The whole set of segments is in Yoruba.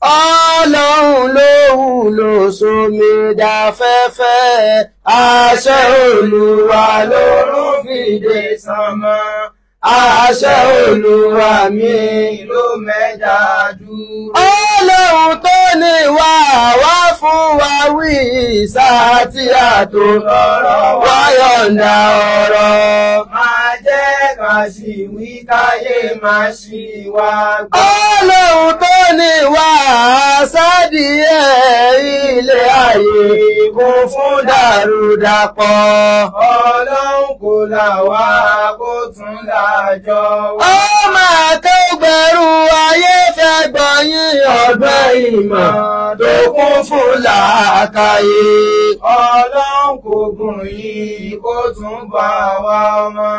ọlọ́run lóhùn ló sómi dáfẹ́fẹ́ àṣẹ olúwa lórún fìdè sánmọ́ àṣẹ olúwa mi ló mẹ́ta dúró. ọlọ́run tó ní wá wá fún wa wí sáà tí a tó lọ́rọ̀ wáyọ̀ǹda ọ̀rọ̀. máa jẹ́ ká sì wí káyé máa ṣì wá gbọ́. ọlọ́run tó ní wá sádì ẹ̀ ilé ayé kún fún dàrúdàpọ̀. ọlọ́run kò là wá kó tún làjọ wá. ó máa tó gbẹ̀rù ayé gbọ́ yín ọgbọ́n ìmọ̀ tó kún fún làákàyè. ọlọ́run kò gùn yìí kó tún bá wa mọ́.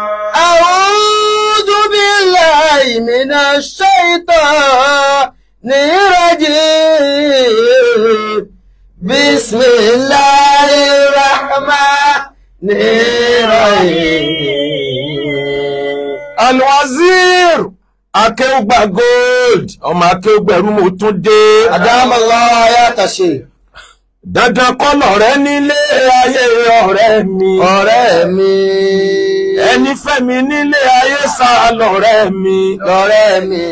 A'udhu billahi minash shaitanir rajim. Bismillahir rahmanir rahim. Al-Wazir akéwùgbà gold ọmọ akéwùgbà ẹrú mo tún dé. àdámọ́lá ayáta ṣe. dandan kọ́ lọ̀rẹ́ nílé ayé ọ̀rẹ́ mi. ọ̀rẹ́ mi ẹni fẹ́mi nílé ayé sá lọ́rẹ́ mi. lọ́rẹ́ mi.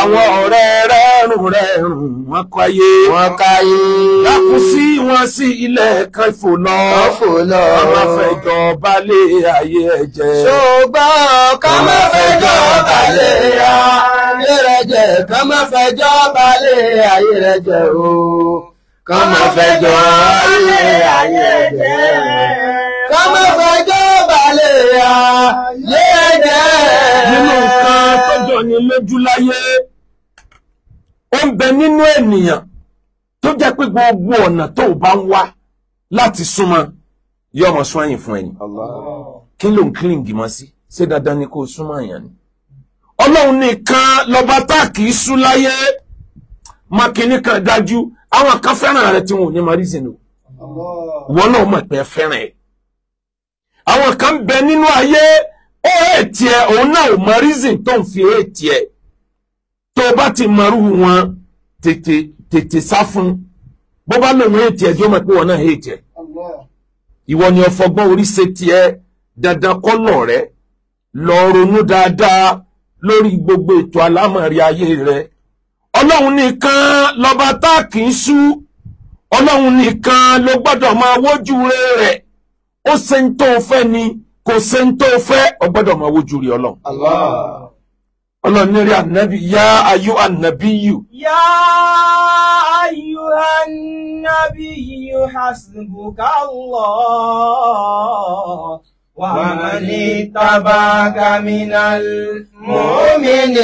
àwọn ọ̀rẹ́ rẹ̀ rùn rẹ̀ rùn wọ́n káyé. wọ́n káyé. dákú sí wọn sí ilẹ̀ kan fò lọ. kan fò lọ. ká má fẹ́ jọba lé ayé ẹ jẹ. ṣùgbọ́n ká má fẹ́ jọba lé ayé rẹ jẹ ká má fẹ́ jọba lé ayé rẹ jẹ o. ká má fẹ́ jọba lé ayé rẹ jẹ. ya yéèdè. nínú nǹkan tọ́jọ́ ni lójú láyé ó ń bẹ nínú ènìyàn tó jẹ́ pé gbogbo ọ̀nà tó bá ń wá láti súnmọ́ yọ ọmọ fún ẹni kí ló ń kílìngì mọ́ sí ṣé dandan ni kò súnmọ́ àyàn ni. ọlọ́run nìkan lọ́ba tá a kì í sún láyé mákìnní kan dájú àwọn kan fẹ́ràn rẹ tí wọn ò ní rí sínú wọn náà mọ̀ pé àwọn kan bẹ nínú ayé ó ètì ẹ òun náà ò mọ reason tó ń fi ètì ẹ tó bá ti mọrú wọn tètè tètè sá fún bó bá lòun ètì ẹ jó pé wọn náà ìwọ ni ọfọgbọ́n orí ṣe tiẹ̀ dandan kọlọ rẹ lọ ronú dáadáa lórí gbogbo ètò alámọ̀rí ayé rẹ ọlọrun nìkan lọba tá kì í sú ọlọ́run nìkan ló gbọ́dọ̀ máa wójú ó ṣe ń tó fẹ́ ni kò ṣe ń tó fẹ́ ọgbọ́dọ̀ mọ owó jùlọ ọlọ́run. ọlọ́run ní rí ànábì yá ayú ànábì yù. yá ayú ànábì yù hasbuka Allah. ومن اتبعك من المؤمنين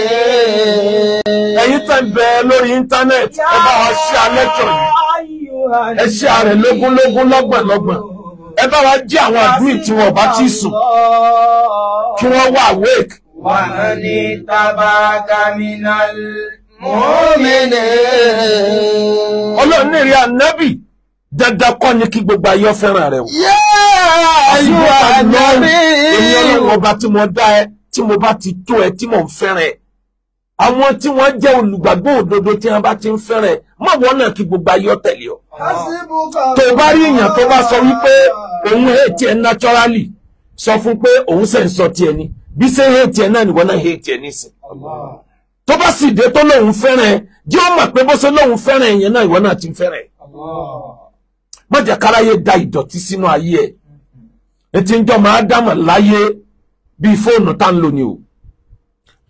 ẹ̀yin tẹ́ ń bẹ lórí íńtánẹ́ẹ̀tì ẹ bá wa ṣe alẹ́ tọ̀ yìí ẹ ṣe àrẹ̀ lógúnlógún lọ́gbọ̀nlọ́gbọ̀n ẹ bá wa jí àwọn àdúrà tí wọn bá ti sùn kí wọn wà awake. wàá ní tábàkà mìíràn mọ́mìnì. ọlọ́run ní ìrìn dandan kọ́ ni kí gbogbo ayé fẹ́ràn rẹ o. àyùwà ànábì. èmi ọlọ́run ọba tí mo dá ẹ tí mo bá ti tó ẹ tí mo ń fẹ́ràn ẹ. àwọn tí wọ́n jẹ́ olùgbàgbọ́ òdodo tí wọ́n bá ti ń fẹ́rẹ̀ mọ̀ kí gbogbo ayé ọ̀tẹ̀lẹ̀ ọ. tó bá rí sọ wípé òun hate ẹ naturally sọ fún pé òun ṣe ń sọ tiẹ̀ ni bí ṣe hate ẹ náà náà sì dé tó lóun pé bó ṣe lóun yẹn ti ń da ìdọ̀tí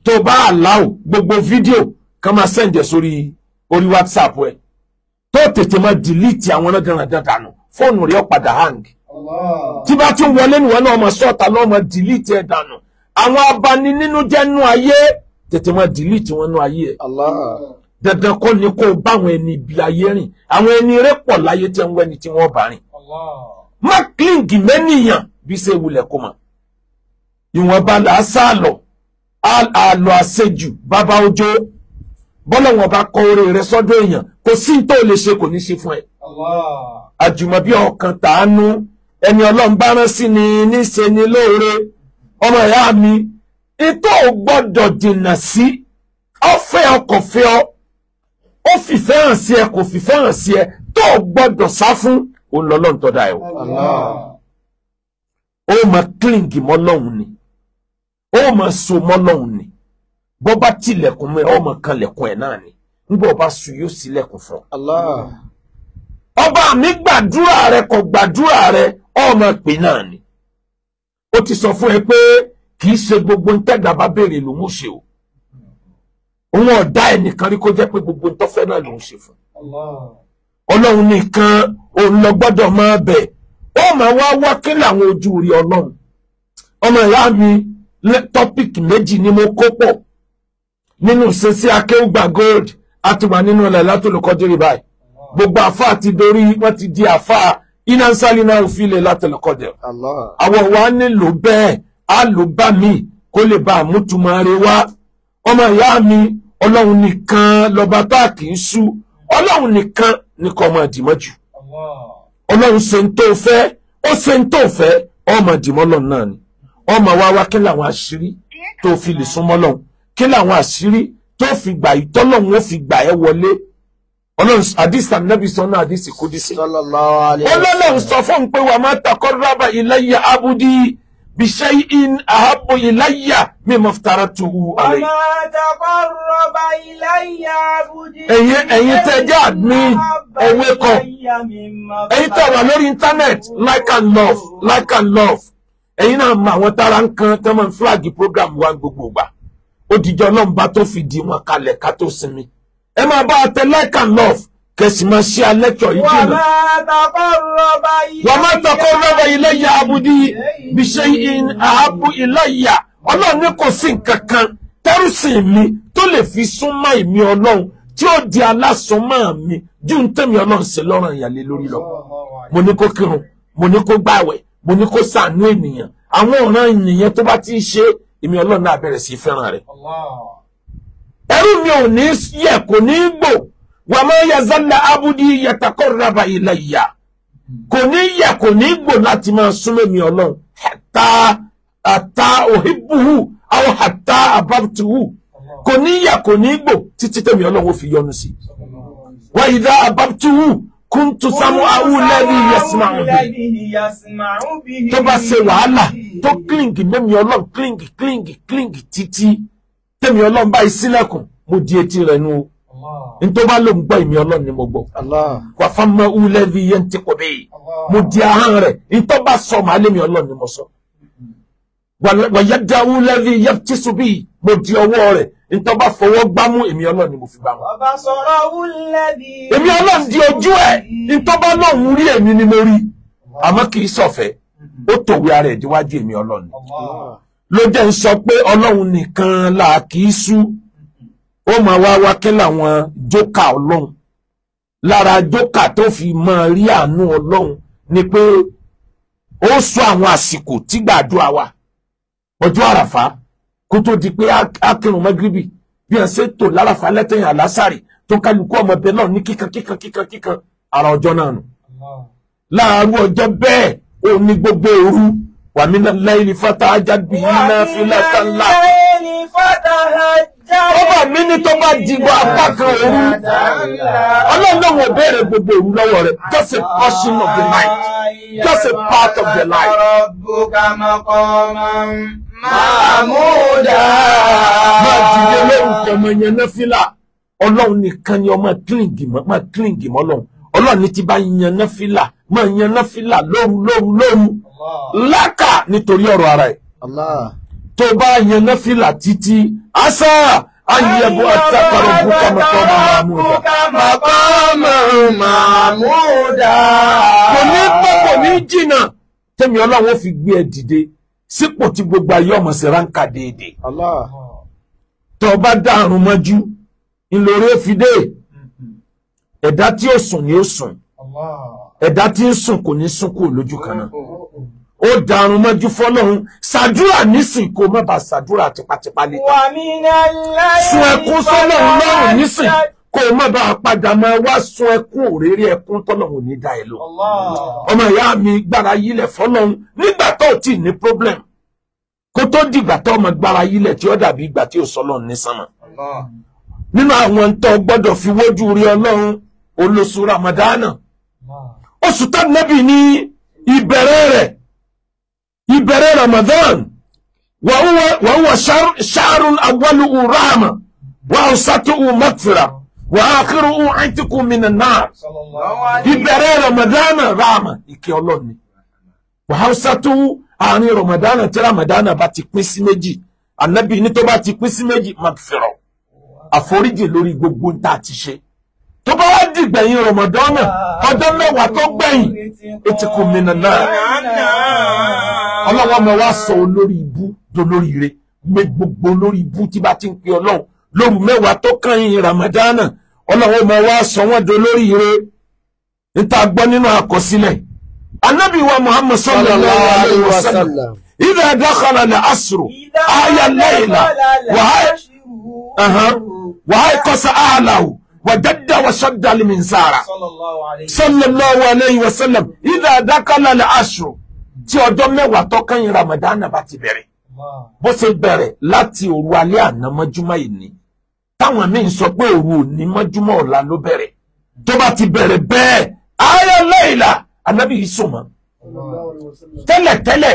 to ba allow gbogbo video kan ma send e ori whatsapp e to tete ma delete awon na danu phone re opada hang allah ti ba tun wole ni won na ma sort delete danu awon abani ninu je nu aye tete ma delete won aye e dadan ko ni ko ba won eni bi aye rin awon eni ere po laye te won ni ti won ba rin allah ma cling meniyan bi se wule ko ma yin won ba àlọ́ àṣejù bàbá ọjọ́ bọ́lọ̀wọ̀n bá kọ oore rẹ sọ́dọ̀ èèyàn kò sí tó lè ṣe kò ní ṣe fún ẹ. àjùmọ̀bí ọkàn tàánú ẹni ọlọ́run bá rán sí ni níṣe ni lóore ọmọ ìyá mi ètò gbọ́dọ̀ dènà sí ọ̀fẹ́ ọkọ̀ fẹ́ ọ ó fìfẹ́ hàn sí ẹ kò fìfẹ́ hàn sí ẹ tó gbọ́dọ̀ sá fún òun lọ́lọ́run tọ́da ẹ̀ o. ó mọ kílìngì mọ́ lọ́hùn ni. ó so mọ ni bọ́ bá tilẹ̀kùn mi ó máa kanlẹ̀kùn ẹ̀ ọba ọ. mi gbàdúrà rẹ kọ gbàdúrà rẹ ó máa pè ni ti sọ fún e pé kì gbogbo ń tẹ́gbà bá béèrè ṣe o òun ọ̀dá ẹnìkan gbogbo ṣe fún nìkan òun lọ gbọ́dọ̀ máa bẹ̀ wá ojú rí ọmọ mi tọ́pìkì méjì ni mo kó pọ̀ nínú sẹ́sẹ́ akéwùgbà gold a ti wà nínú ọ̀là látòlùkọ́dìrì báyìí gbogbo àfáà ti dorí wọ́n ti di àfáà iná ń sálí náà òfin lè látòlùkọ́dìrì àwọn wa nílò bẹ́ẹ̀ á lò bá mi kó lè bá àmútumọ̀ rẹ wá ọmọ ìyá mi ọlọ́run nìkan lọ́ba tá a kì í sú ọlọ́run nìkan ni kò máa dìmọ́ jù ọlọ́run ṣe ń tó fẹ́ ó ṣe ń tó fẹ́ ọmọ dìmọ́ lọ́nà náà ni ọmọ wa wá kí làwọn àṣírí tó fi lè súnmọ́ lọ́hùn kí làwọn àṣírí tó fi gbà yìí tọ́lọ́hùn ó fi gbà ẹ́ wọlé ọlọ́run àdìsàn nàbì sọ náà àdìsì kò dì ọlọ́run sọ fún un pé wà má takọ́ rábà iláyà abudi bìṣẹ́ in àhápò iláyà mímọ́ fitara tuhu alẹ́. wà má takọ́ rábà iláyà abudi. ẹ̀yin ẹ̀yin tẹ́ jẹ́ admin ẹ̀wé kan ẹ̀yin tẹ́ wà lórí internet like and love like and love ẹ̀yin náà mọ àwọn tára ń kan tán máa ń fúlàgì program wa gbogbo ìgbà ó dijọ́ náà ń bá tó fìdí wọn kalẹ̀ ká tó sinmi ẹ máa bá a tẹ like and love kẹsì máa ṣe alẹ́kọ̀ọ́ yìí jìnnà. wọ́n tọkọ rọ́bà iléyà abudí bí ṣe àábù iléyà ọlọ́run ní kò sí nǹkan kan tẹ́rùsìn mi tó lè fi súnmọ́ èmi ọlọ́run tí ó di alásùnmọ́ mi ju ń tẹ̀mí ọlọ́run sí lọ́rùn ìyàlẹ́ lọ. mo ní kó kírun mo ní kó gbàwẹ̀ mo ní kó sànú ènìyàn àwọn ọ̀ràn ènìyàn tó bá ti ṣe èmi ọlọ́run náà bẹ̀rẹ̀ sí fẹ́ràn rẹ̀. ẹrú mi ò ní yẹ kò ní gbò wà máa yẹ zálà abudi yàtàkọ́ raba ilẹ̀ ìyá kò ní yẹ kò ní gbò láti máa súnmọ́ mi ọlọ́run hàtà àtà òhìbùhù àwọn hàtà àbátùhù kò ní yẹ kò ní gbò títí tẹ̀mí ọlọ́run ó fi yọ́nú sí. wà ìdá àbátùhù Kuntu samuahu lẹ́ni yasma'u bi tó bá ṣe wàhálà tó kílìngì mẹ́mi ọlọ́run kílìngì kílìngì kílìngì títí tẹ́mi ọlọ́run báyìí sílẹ̀kùn mo di etí rẹ̀ nu o n tó bá lóun gbọ́ ìmí ọlọ́run ni mo gbọ́ wà famahu lẹ́ni yẹn ti kò bẹ́ẹ̀ mo di ahọ́n rẹ̀ n tó bá sọ màá lẹ́mi ọlọ́run ni mo sọ wàyẹ̀dáwù lẹ́ni yẹn ti sùn bíi mo di ọwọ́ rẹ̀ nítorí bá fọwọ́ gbámú èmi ọlọ́run ni mo fi gbámú. ọba sọ̀rọ̀ wúlẹ́bí. èmi ọlọ́run di ojú ẹ̀ nítorí bá lọ́hùn rí èmi ni mo rí àmọ́ kì í sọ̀fẹ́ ó tòwé ara ẹ̀ díwájú èmi ọlọ́run. ló jẹ́ ń sọ pé ọlọ́run nìkan là kì í sú ó máa wá wá kí làwọn jókà ọlọ́run lára jókà tó fi máa rí àánú ọlọ́run ni pé ó sọ àwọn àsìkò tí gbàdúrà wa ọjọ́ àràfà kó tó di pé akẹrùn mọ́gíríbì bí ẹ̀ ṣe tò láràfà lẹ́tẹ̀yìn àlásàrì tó kálukú ọmọ ẹbẹ náà ní kíkan kíkan kíkan kíkan ara ọjọ́ náà nù. láàárú ọjọ́ bẹ́ẹ̀ ó ní gbogbo òru wàmí náà fata ajá bìí náà fi lẹ́tà ńlá. wàmí náà fata ajá ọba mi ní tó bá dìgbò apá kan òru ọlọ́run náà wọ́n béèrè gbogbo òru lọ́wọ́ rẹ̀ just a portion of the night just a part of the night. Mahmuda. Máa dìde lórúkọ ọmọ yẹn náà fílà. Ọlọ́run nìkan ni ọmọ kílìngì máa kílìngì mọ́ Ọlọ́run ní ti bá yan náà fílà máa yan náà fílà lóru lóru lóru. Lákà nítorí ọ̀rọ̀ ara ẹ̀ tó bá yan náfìlà títí asa ayẹbo àtàkọrọ bùkà mọkànlá mahmuda. kò ní pẹ́ kò ní jìnnà tẹ́mi ọlọ́run fi gbé ẹ dìde sípò tí gbogbo ayé ọmọ sí ránkà déédéé. tó bá dàrún mọ́jú ńlọrọ fìdé ẹ̀dá tí ó sùn ni ó sùn ẹ̀dá tí ń sùn kò ní sùn kúrò lójú kan náà. Oh ó darun mọ́jú fọ́lọ́run ṣàdúrà nísìn kó má bàa ṣàdúrà tipátipá ní. sun ẹkún sọ́lọ́run lọ́rùn nísìn kó má bàa padà máa wá sun ẹkún òrèrè ẹkún tọ́lọ́run ní da ẹ lọ. ọmọ ìyá mi gbára yílẹ̀ fọ́lọ́run nígbà tó ti ní problem kó tó dìgbà tó ọmọ gbára yílẹ̀ tí ó dàbí ìgbà tí ó sọ́lọ́run ní sánmà. nínú àwọn tó gbọ́dọ̀ fi wójú rí ọlọ́run olóṣù ramadana oṣù tó nẹ́bì ní ìbẹ̀rẹ̀ rẹ̀ ìbẹ̀rẹ̀ Ramadan wàhùwà ṣàrùn awwaluhu rahma wà ọ̀sátùhù maghfira wà akhiruhu àìtìkù minan nar ìbẹ̀rẹ̀ Ramadan rahma ìkẹ́ ọlọ́ni wà ọ̀sátùhù àárín Ramadan tí Ramadan bá ti pín sí méjì ànábì ní tó bá ti pín sí méjì maghfira àforíjì lórí gbogbo ń ti ṣe tó bá wá dìgbẹ̀yìn Ramadan ọjọ́ mẹ́wàá tó gbẹ̀yìn ètìkù minan nar ọlọ́wọ́ ọmọ wa sọ olórí ibú dolórí ire gbé gbogbo olórí ibú tí bá ti ń pe ọlọ́run lóru mẹ́wàá tó kàn ramadana ọlọ́wọ́ ọmọ wa sọ wọ́n dolórí ire níta gbọ́ nínú àkọsílẹ̀ anabi wa muhammad sallallahu alayhi wa sallam idha dakhala al-asr aya al-layla wa ayqasa ahlahu وجد وشد المنسارة صلى الله عليه وسلم إذا دخل العشر tí ọjọ́ mẹ́wàá tọ́kànyìn ramadana bá ti bẹ̀rẹ̀ bó ṣe bẹ̀rẹ̀ láti òru alẹ́ àná mọ́júmọ́ ìní táwọn míì sọ pé òru òní mọ́júmọ́ ọ̀la ló bẹ̀rẹ̀ tó bá ti bẹ̀rẹ̀ bẹ́ẹ̀ ayọ̀ lẹ́yìnlá anábì yìí sùn mọ́ tẹ́lẹ̀tẹ́lẹ̀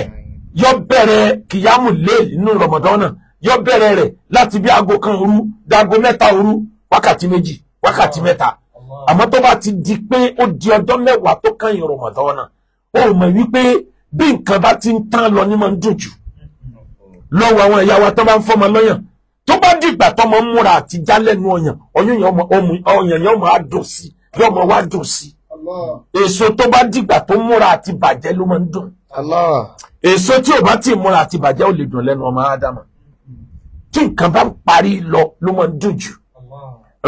yọ bẹ̀rẹ̀ kìyàmù lé inú ramadana yọ bẹ̀rẹ̀ rẹ̀ láti bí aago kan òru dago mẹ́ta òru wákàtí méjì wákàtí mẹ́ta àmọ́ tó bá ti di pé ó di ọjọ́ mẹ́wàá tó kàn yín ramadana ó mọ̀ wípé bí nǹkan bá ti ń tán lọ ní máa ń dùn jù lọ́wọ́ àwọn ìyá wa tó bá ń fọmọ lọ́yàn tó bá dìgbà tọmọ ń múra àti já lẹ́nu ọyàn ọyàn yẹn ọmọ á dùn sí yọ ọmọ wa dùn sí èso tó bá dìgbà tó múra àti bàjẹ́ ló máa ń dùn èso tí ò bá ti múra àti bàjẹ́ ò lè dùn lẹ́nu ọmọ ádámà tí nǹkan bá ń parí lọ ló máa ń dùn jù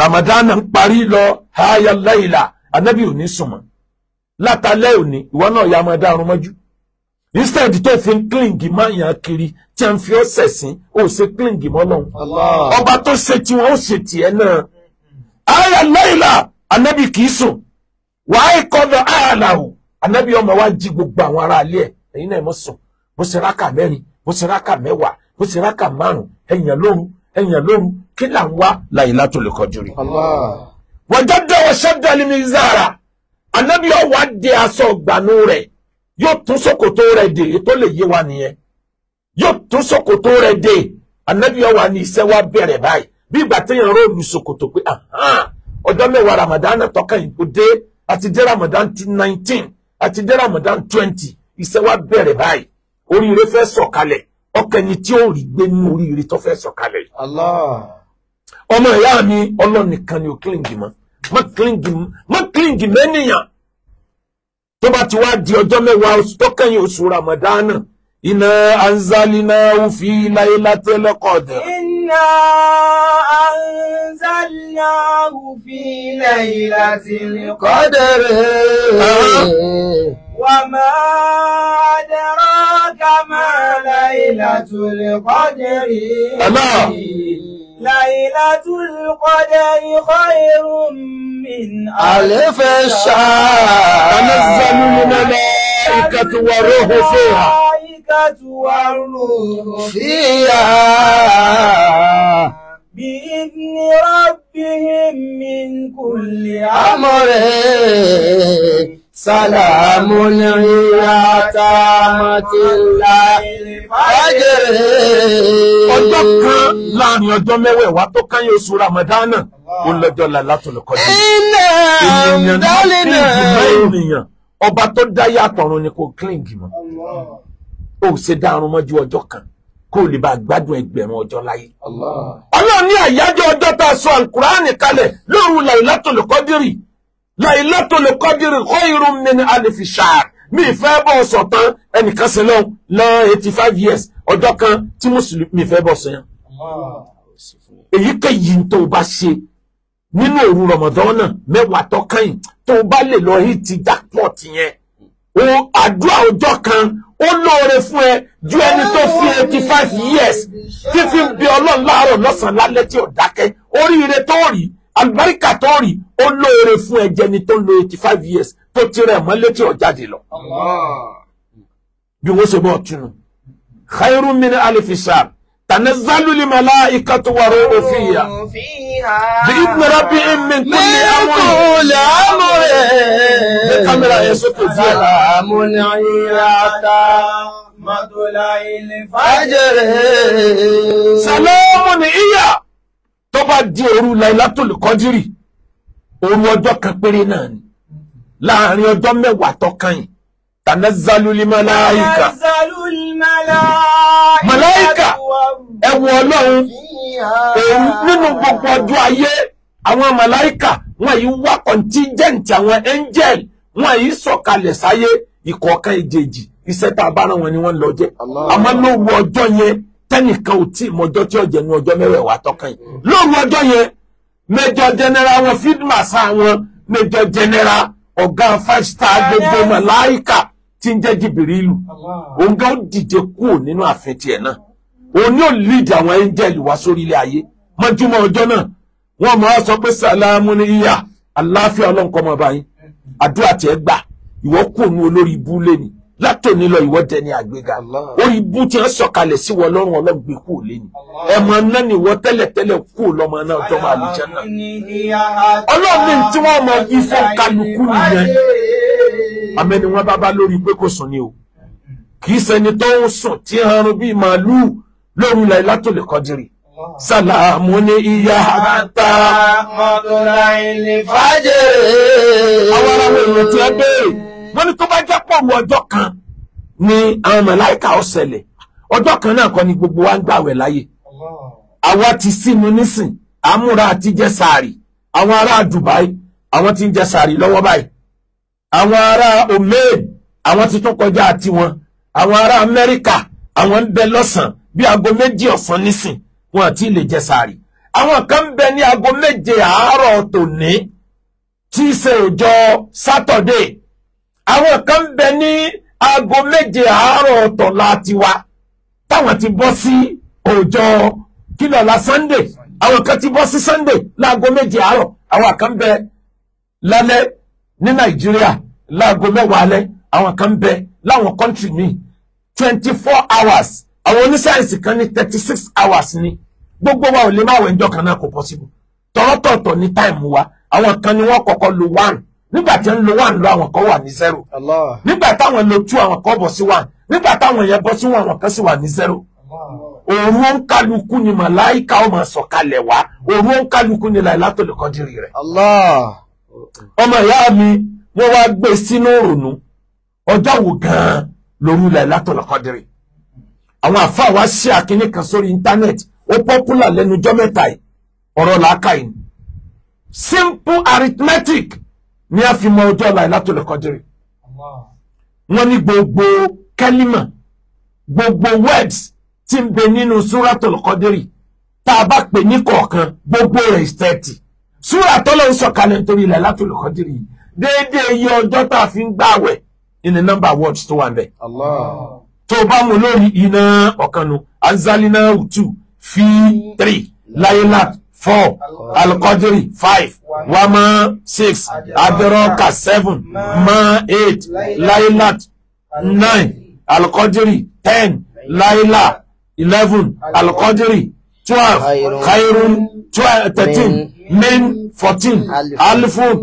Ramadan ń parí lọ hayalaila anabi ò ní sùnmọ́ látàlẹ́ òní ìwọ náà yà máa dárun mọ́jú instead tó fi ń kílìngì máa yàn kiri tí a ń fi ọ́ sẹ̀sìn ó ṣe kílìngì mọ́ lọ́hùn ọba tó ṣe tiwọn ó ṣe tiẹ̀ náà ayà lẹ́yìnlá anabi kì í sùn wàá ìkọ́dọ̀ àlàhù anabi ọmọ wa jí gbogbo àwọn ará ilé ẹ̀ ẹ̀yin náà mọ̀ sùn bó ṣe rákà mẹ́rin bó ṣe rákà mẹ́wàá bó ṣe rákà márùn ẹ̀yàn lóru ẹ̀yàn lóru kí là ń wá láyìnlá tó lè kọjú rí. wọ́n jọ́ dẹ́wọ́ ṣẹ́dálí mi zára anabi ọwọ́ adé aṣọ ọgbànú rẹ̀ yóò tún ṣòkòtò rẹ̀ dè ètò lè yé wa nìyẹn yóò tún ṣòkòtò rẹ̀ dè anabi ọwà ni iṣẹ́ wa bẹ̀rẹ̀ báyìí bí ìgbà téèyàn rò lù ṣòkòtò pé ọjọ́ mẹ́wàá Ramadan tọ́ka yìí kò dé àti dé Ramadan nineteen àti dé Ramadan twenty iṣẹ́ wa bẹ̀rẹ̀ báyìí oríire fẹ́ sọ̀kalẹ̀ ọkẹni tí ó rí gbé nínú oríire tó fẹ́ sọ̀kalẹ̀ yìí. ọmọ ìyá mi ọlọ́nìkan ni ò kílìngì mọ́ mọ́ kílìngì mẹ́nìyàn tó bá ti wá di ọjọ́ mẹ́wàá oṣù tó kẹ́yìn oṣù ramadana iná anzalina fi laylatil qadr. iná anzalina fi laylatil qadr. Uh-huh. wa ma adraka ma laylatul qadr. ليلة القدر خير من ألف الشهر تنزل الملائكة والروح فيها فيها بإذن ربهم من كل أمر Sàlámù ní ìyáta àmàtí ńlá fàjẹrẹ. Ọjọ́ kan láàrin ọjọ́ mẹ́wẹ̀ẹ̀wá tó káyọ̀ oṣù Ramadana, ó lọ́jọ́ Lailatul Qadr. Iná dálínà. Ènìyàn ọba tó dáyé àtọ̀run ni kò kílìngì mọ́. Ó ṣe dárun mọ́jú ọjọ́ kan kó lè bá gbádùn ẹgbẹ̀rún ọjọ́ láyé. Ọlọ́run ní àyájọ́ ọjọ́ tá a sọ Àlùkùránì kalẹ̀ lóru Lailatul Qadr Laylatul Qadr khayrun min alf shahr mi fẹ́ bọ̀ sọ tán ẹnìkan sí lọ lọ eighty five years ọjọ́ kan tí mùsùlùmí fẹ́ bọ̀ sọ yẹn. èyíkéyìí tó o bá ṣe nínú òru rọmọdọ́nà mẹ́wàá tó kẹ́yìn tó o bá lè lọ hit jackpot yẹn o àdúrà ọjọ́ kan ó lóore fún ẹ ju ẹni tó fi eighty five years fífi bí ọlọ́run láàárọ̀ lọ́sàn-án lálẹ́ tí ò dákẹ́ oríire tó rí àlùbáríkà tó rí ó lóore fún ẹ̀jẹ̀ ni tó ń lo eighty five years tó ti rẹ̀ mọ́ létí ọ̀jáde lọ. bí wọ́n ṣe bọ́ tunu khairun min alifi shar tanazzalu li malaikatu wa ruhu fiha bi idni rabbihim min kulli amrin kamera yẹn sókè díẹ̀. amúnà ìyàtà mọ̀tòlá ilé fàjẹrẹ. salamun hiya. tó bá di òru Lailatul Qadri òru ọjọ́ kan péré náà ni láàrin ọjọ́ mẹ́wàá tó kàn yìí malaika malaika ẹ̀wọ̀n ọlọ́run nínú gbogbo ọjọ́ ayé àwọn malaika wọn yìí wá contingent àwọn wọn yìí sáyé ìjèjì tá a bá wọn ni lọ tẹ́nìkan ò tí mọjọ́ tí ọ̀jẹ̀ ní ọjọ́ mẹ́wẹ̀ẹ̀wá tọ́kàn yìí lóru ọjọ́ yẹn mẹjọ general wọn field marshal wọn mẹjọ general ọ̀gá five star gbogbo màláìkà tí ń jẹ́ jìbìrìlù òǹgá ó dìde kúrò nínú ààfin tiẹ̀ náà òun ni ó lead àwọn angel wá sórí ilé ayé mọ́júmọ́ ọjọ́ náà wọ́n máa sọ pé sàlámù ní ìyá aláfíà ọlọ́nkọ́ mọ́ àdúrà tiẹ̀ gbà ìwọ́ olórí ibú lé ni látòní lọ ìwọ dẹni àgbéga orí ibú tí wọn sọ̀kalẹ̀ sí wọn lọ́rùn Ọlọ́run gbé kúrò lẹni ẹmọ náà ni wọn tẹ́lẹ̀tẹ́lẹ̀ kúrò lọmọ náà dọmọ àlùjá náà Ọlọ́run ní tí wọn mọ bí fún kálukú nìyẹn amẹni wọn bá bá lórí pé kò sùn ni o kì í ṣẹni tó ń sùn tí ẹran bíi màálùú lórí ilẹ̀ látòlè kọjìrì sàlámù ní ìyá àbáta mọ̀tòlá ilé fàájì. àwọn aráwọ̀ èèyàn ti ẹ wọ́n ní tó bá jẹ́ pọ̀ ọjọ́ kan ni àwọn màláìka ó ṣẹlẹ̀ ọjọ́ kan náà kọ́ ni gbogbo wa ń gbàwẹ̀ láyé àwa ti sínú nísìn àmúra àti jẹ sàárì àwọn ará Dubai àwọn ti ń jẹ sàárì lọ́wọ́ báyìí àwọn ará Oman àwọn ti tún kọjá àti wọn àwọn ará Amẹ́ríkà àwọn ń bẹ lọ́sàn-án bí aago méjì ọ̀sán nísìn wọn àti lè jẹ sàárì àwọn kan ń bẹ ní aago méje àárọ̀ tòní tí í ṣe ọjọ́ sátọ̀dé àwọn kan ń bẹ ní aago méje àárọ̀ ọ̀tọ̀ láti wá táwọn ti bọ́ sí ọjọ́ kílọ̀lá sunday àwọn kan ti bọ́ sí sunday láago méje àárọ̀ àwọn kan bẹ lálẹ́ ní nàìjíríà láago mẹ́wàá alẹ́ àwọn kan bẹ láwọn kọ́ńtì míì twenty four hours àwọn oníṣáyẹ̀nsì kan ní thirty six hours ni gbogbo wa ò lè má wẹ̀ ń jọ kan náà kò possible tọ̀rọ̀tọ̀ọ̀tọ̀ ní táìmù wa àwọn kan ni wọ́n kọ́kọ́ lu one nígbà tí ń lo one lọ àwọn kan wà ní zero nígbà táwọn lo two àwọn kan bọ̀ sí one nígbà táwọn yẹn bọ́ sí one àwọn kan sì wà ní zero òru ń kálukú ni màláìka ọmọ sọ̀kalẹ̀ wá òru ń kálukú ni làìlá tó lè kọjú rẹ̀. ọmọ ìyá mi wọ́n wá gbé sínú òrònú ọjọ́ wo gan-an lòru làìlá tó lè kọjú rẹ̀. àwọn àfa wa ṣe àkíní kan sórí íńtánẹ́ẹ̀tì ó pọ́pùlà lẹ́nu jọ́ mẹ́ta yìí ọ̀rọ̀ làákà yìí simple arithmetic ní a fi mọ ọjọ́ Lailatul Qadr wọ́n ní gbogbo kálímà gbogbo words tí ń bẹ nínú Suratul Qadr tá a bá pè ní kọ̀ọ̀kan gbogbo rẹ̀ ìsẹ́ẹ̀tì súrà tọ́lọ́ ń sọ̀kalẹ̀ nítorí Lailatul Qadr déédéé iye ọjọ́ tá a fi ń gbààwẹ̀ in the number of words tó wà ń bẹ. tó o bá mú lórí iná ọ̀kanu azalina two fi three layilat four alikọdiri five wama six adirọka seven ma eight lailat nine alikọdiri ten laila eleven alikọdiri twelve khairun thirteen min fourteen alifun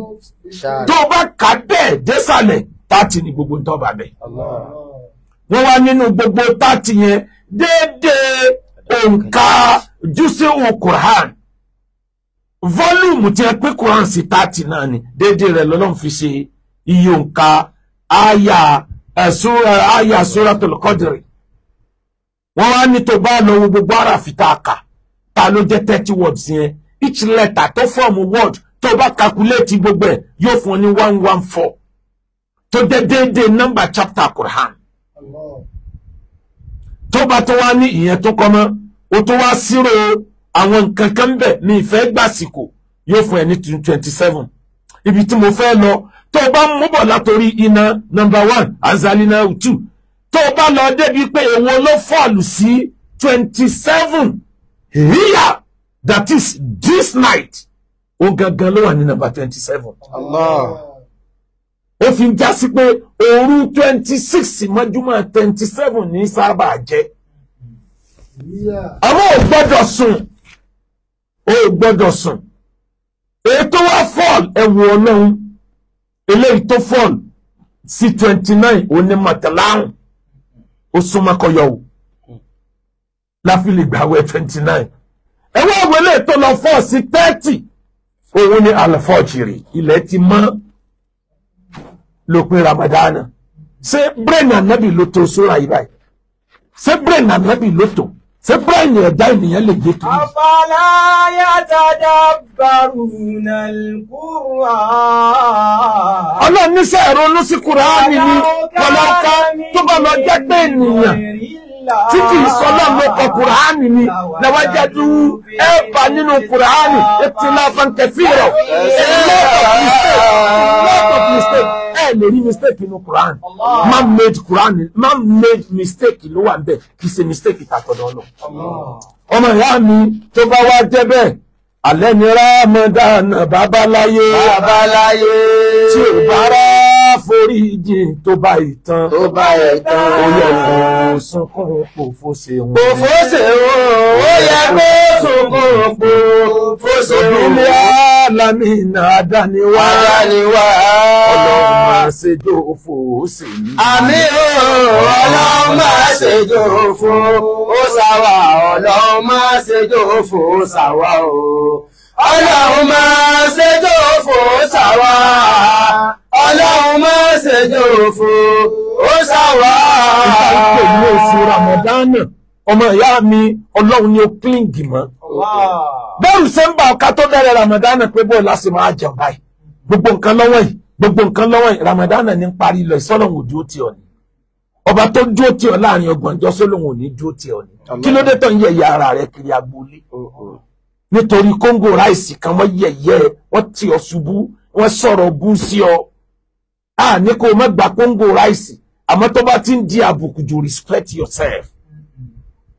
tó bá kà bẹ́ẹ̀ tààtì ni gbogbo ń tọ́ba bẹ́ẹ̀ wọ́n wá nínú gbogbo tààtì yẹn déédéé òǹkà jùsẹ̀ òkùrán Volume tí ẹ pé Quran sí tààtì náà ni déédéé rẹ̀ lọ́lọ́run fi ṣe iye òǹkà àyà ẹ̀sùnra eh, àyà Suratul Qadr wọ́n wá ní tó bá lọ wo gbogbo ara fìtà àkà ta ló jẹ́ thirty words yẹn each letter tó fọ́ọ̀mù word tó bá calculate gbogbo ẹ̀ yóò fún ọ ní one one four tó jẹ́ déédéé number chapter Quran tó bá tó wá ní ìyẹn tó kọ́ mọ́ o tó wá sírò àwọn nǹkan kan ń bẹ mi ìfẹ́ gbàsìkò yóò fún ẹ ní twenty seven ibi tí mo fẹ́ lọ tó o bá mú bọ̀ látòrí iná number one azalina two tó o bá lọ débi pé èwo ló fọ́ọ̀lù sí twenty seven hiya that is this night ó gangan ló wà ní number twenty seven. Allah ó fi ń jásí pé òru twenty six mọ́júmọ́ twenty seven ní sábà jẹ́. àwọn ò gbọ́dọ̀ sùn o gbọ́dọ̀ sùn èyí tó wá fall ẹ̀wù ọlọ́run eléyìí tó fall sí twenty nine onímọ̀tàláhùn ó súnmọ́ kọyọ o láfi lè twenty nine ẹ̀wọ́ àwọn eléyìí tó lọ fall sí thirty òun ni àlùfọ́ọ̀jìrì ilẹ̀ ti mọ́ lópin ramadana ṣé brain anabi ló tó sóra yìí báyìí ṣé brain anabi ló tó ṣé bíráìnì ẹ̀dá ènìyàn lè gbé kiri. àfàlà yàtàdà bàrùnà kúrà. ọlọ́run níṣẹ́ ẹ̀rọ ló sí kúrà á nìyí kọlọ́ká tó bá lọ jẹ́ pé ènìyàn tí kì í ló kọ kùránì ni làwájájú ẹ bá nínú kùránì ètò ìlànà kẹfì rọ ẹ lọ́tọ̀ mistake ẹ lè rí mistake nínú kùránì man made kùránì man made mistake ló wà bẹ́ẹ̀ kì í ṣe mistake ìtàkọ̀dọ̀ lọ. ọmọ ìyá mi tó bá wá jẹ́ bẹ́ẹ̀ alẹ́ ni ramadan babaláyé babaláyé tí ò bá rẹ́ foríjì tó bá ìtàn tó bá ìtàn ó yẹ kó sunkún òfò ṣeun. òfò ṣeun ó yẹ kó sunkún òfò ṣeun. ìbílẹ̀ alámìnà adániwá adániwá ọlọ́run máa ṣe jọ òfò ó sì ní. àmì ọlọ́run máa ṣe jọ òfò ó ṣàwà ọlọ́run máa ṣe jọ òfò ó ṣàwà ó ọlọ́run máa ṣèjọ́ fún ṣàwá ọlọ́run máa ṣèjọ́ fún ó ṣàwá. ìdájọ́ ìlú oṣù Ramadan ọmọ ìyá mi ọlọ́run ni ó kílìngì mọ́ bẹ́ẹ̀rù ṣe ń bá ọ̀ka tó bẹ̀rẹ̀ Ramadan pé bóyá láti máa jẹun báyìí gbogbo nǹkan lọ́wọ́ yìí gbogbo nǹkan lọ́wọ́ yìí Ramadan ní ń parí lọ ìsọ́lọ́run ò dúró tì ọ́ ni ọba tó dúró tì ọ́ láàrin ọgbọ̀njọ́ sólóhùn ò ní dúró tì ọ́ ni kí ló dé tó ń yẹ ìyá ara rẹ kiri agboolé nítorí kóńgò ráìsì kan wọ́n yẹ̀yẹ́ wọ́n tì ọ́ ṣubú wọ́n sọ̀rọ̀ bú sí ọ a ní kó o má gba kóńgò ráìsì àmọ́ tó bá ti ń di àbùkù jù respect yourself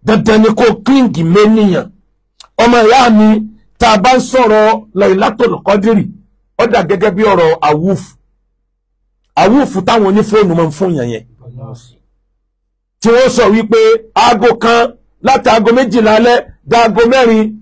dandan ni kó o kíngì mẹ́nìyàn ọmọ ìyá mi tá a bá ń sọ̀rọ̀ Laylatul Qadri ó dà gẹ́gẹ́ bí ọ̀rọ̀ awúf awúf táwọn onífóònù máa ń fún yàn yẹn tí wọ́n sọ wípé aago kan láti aago méjìlá alẹ́ dá aago mẹ́rin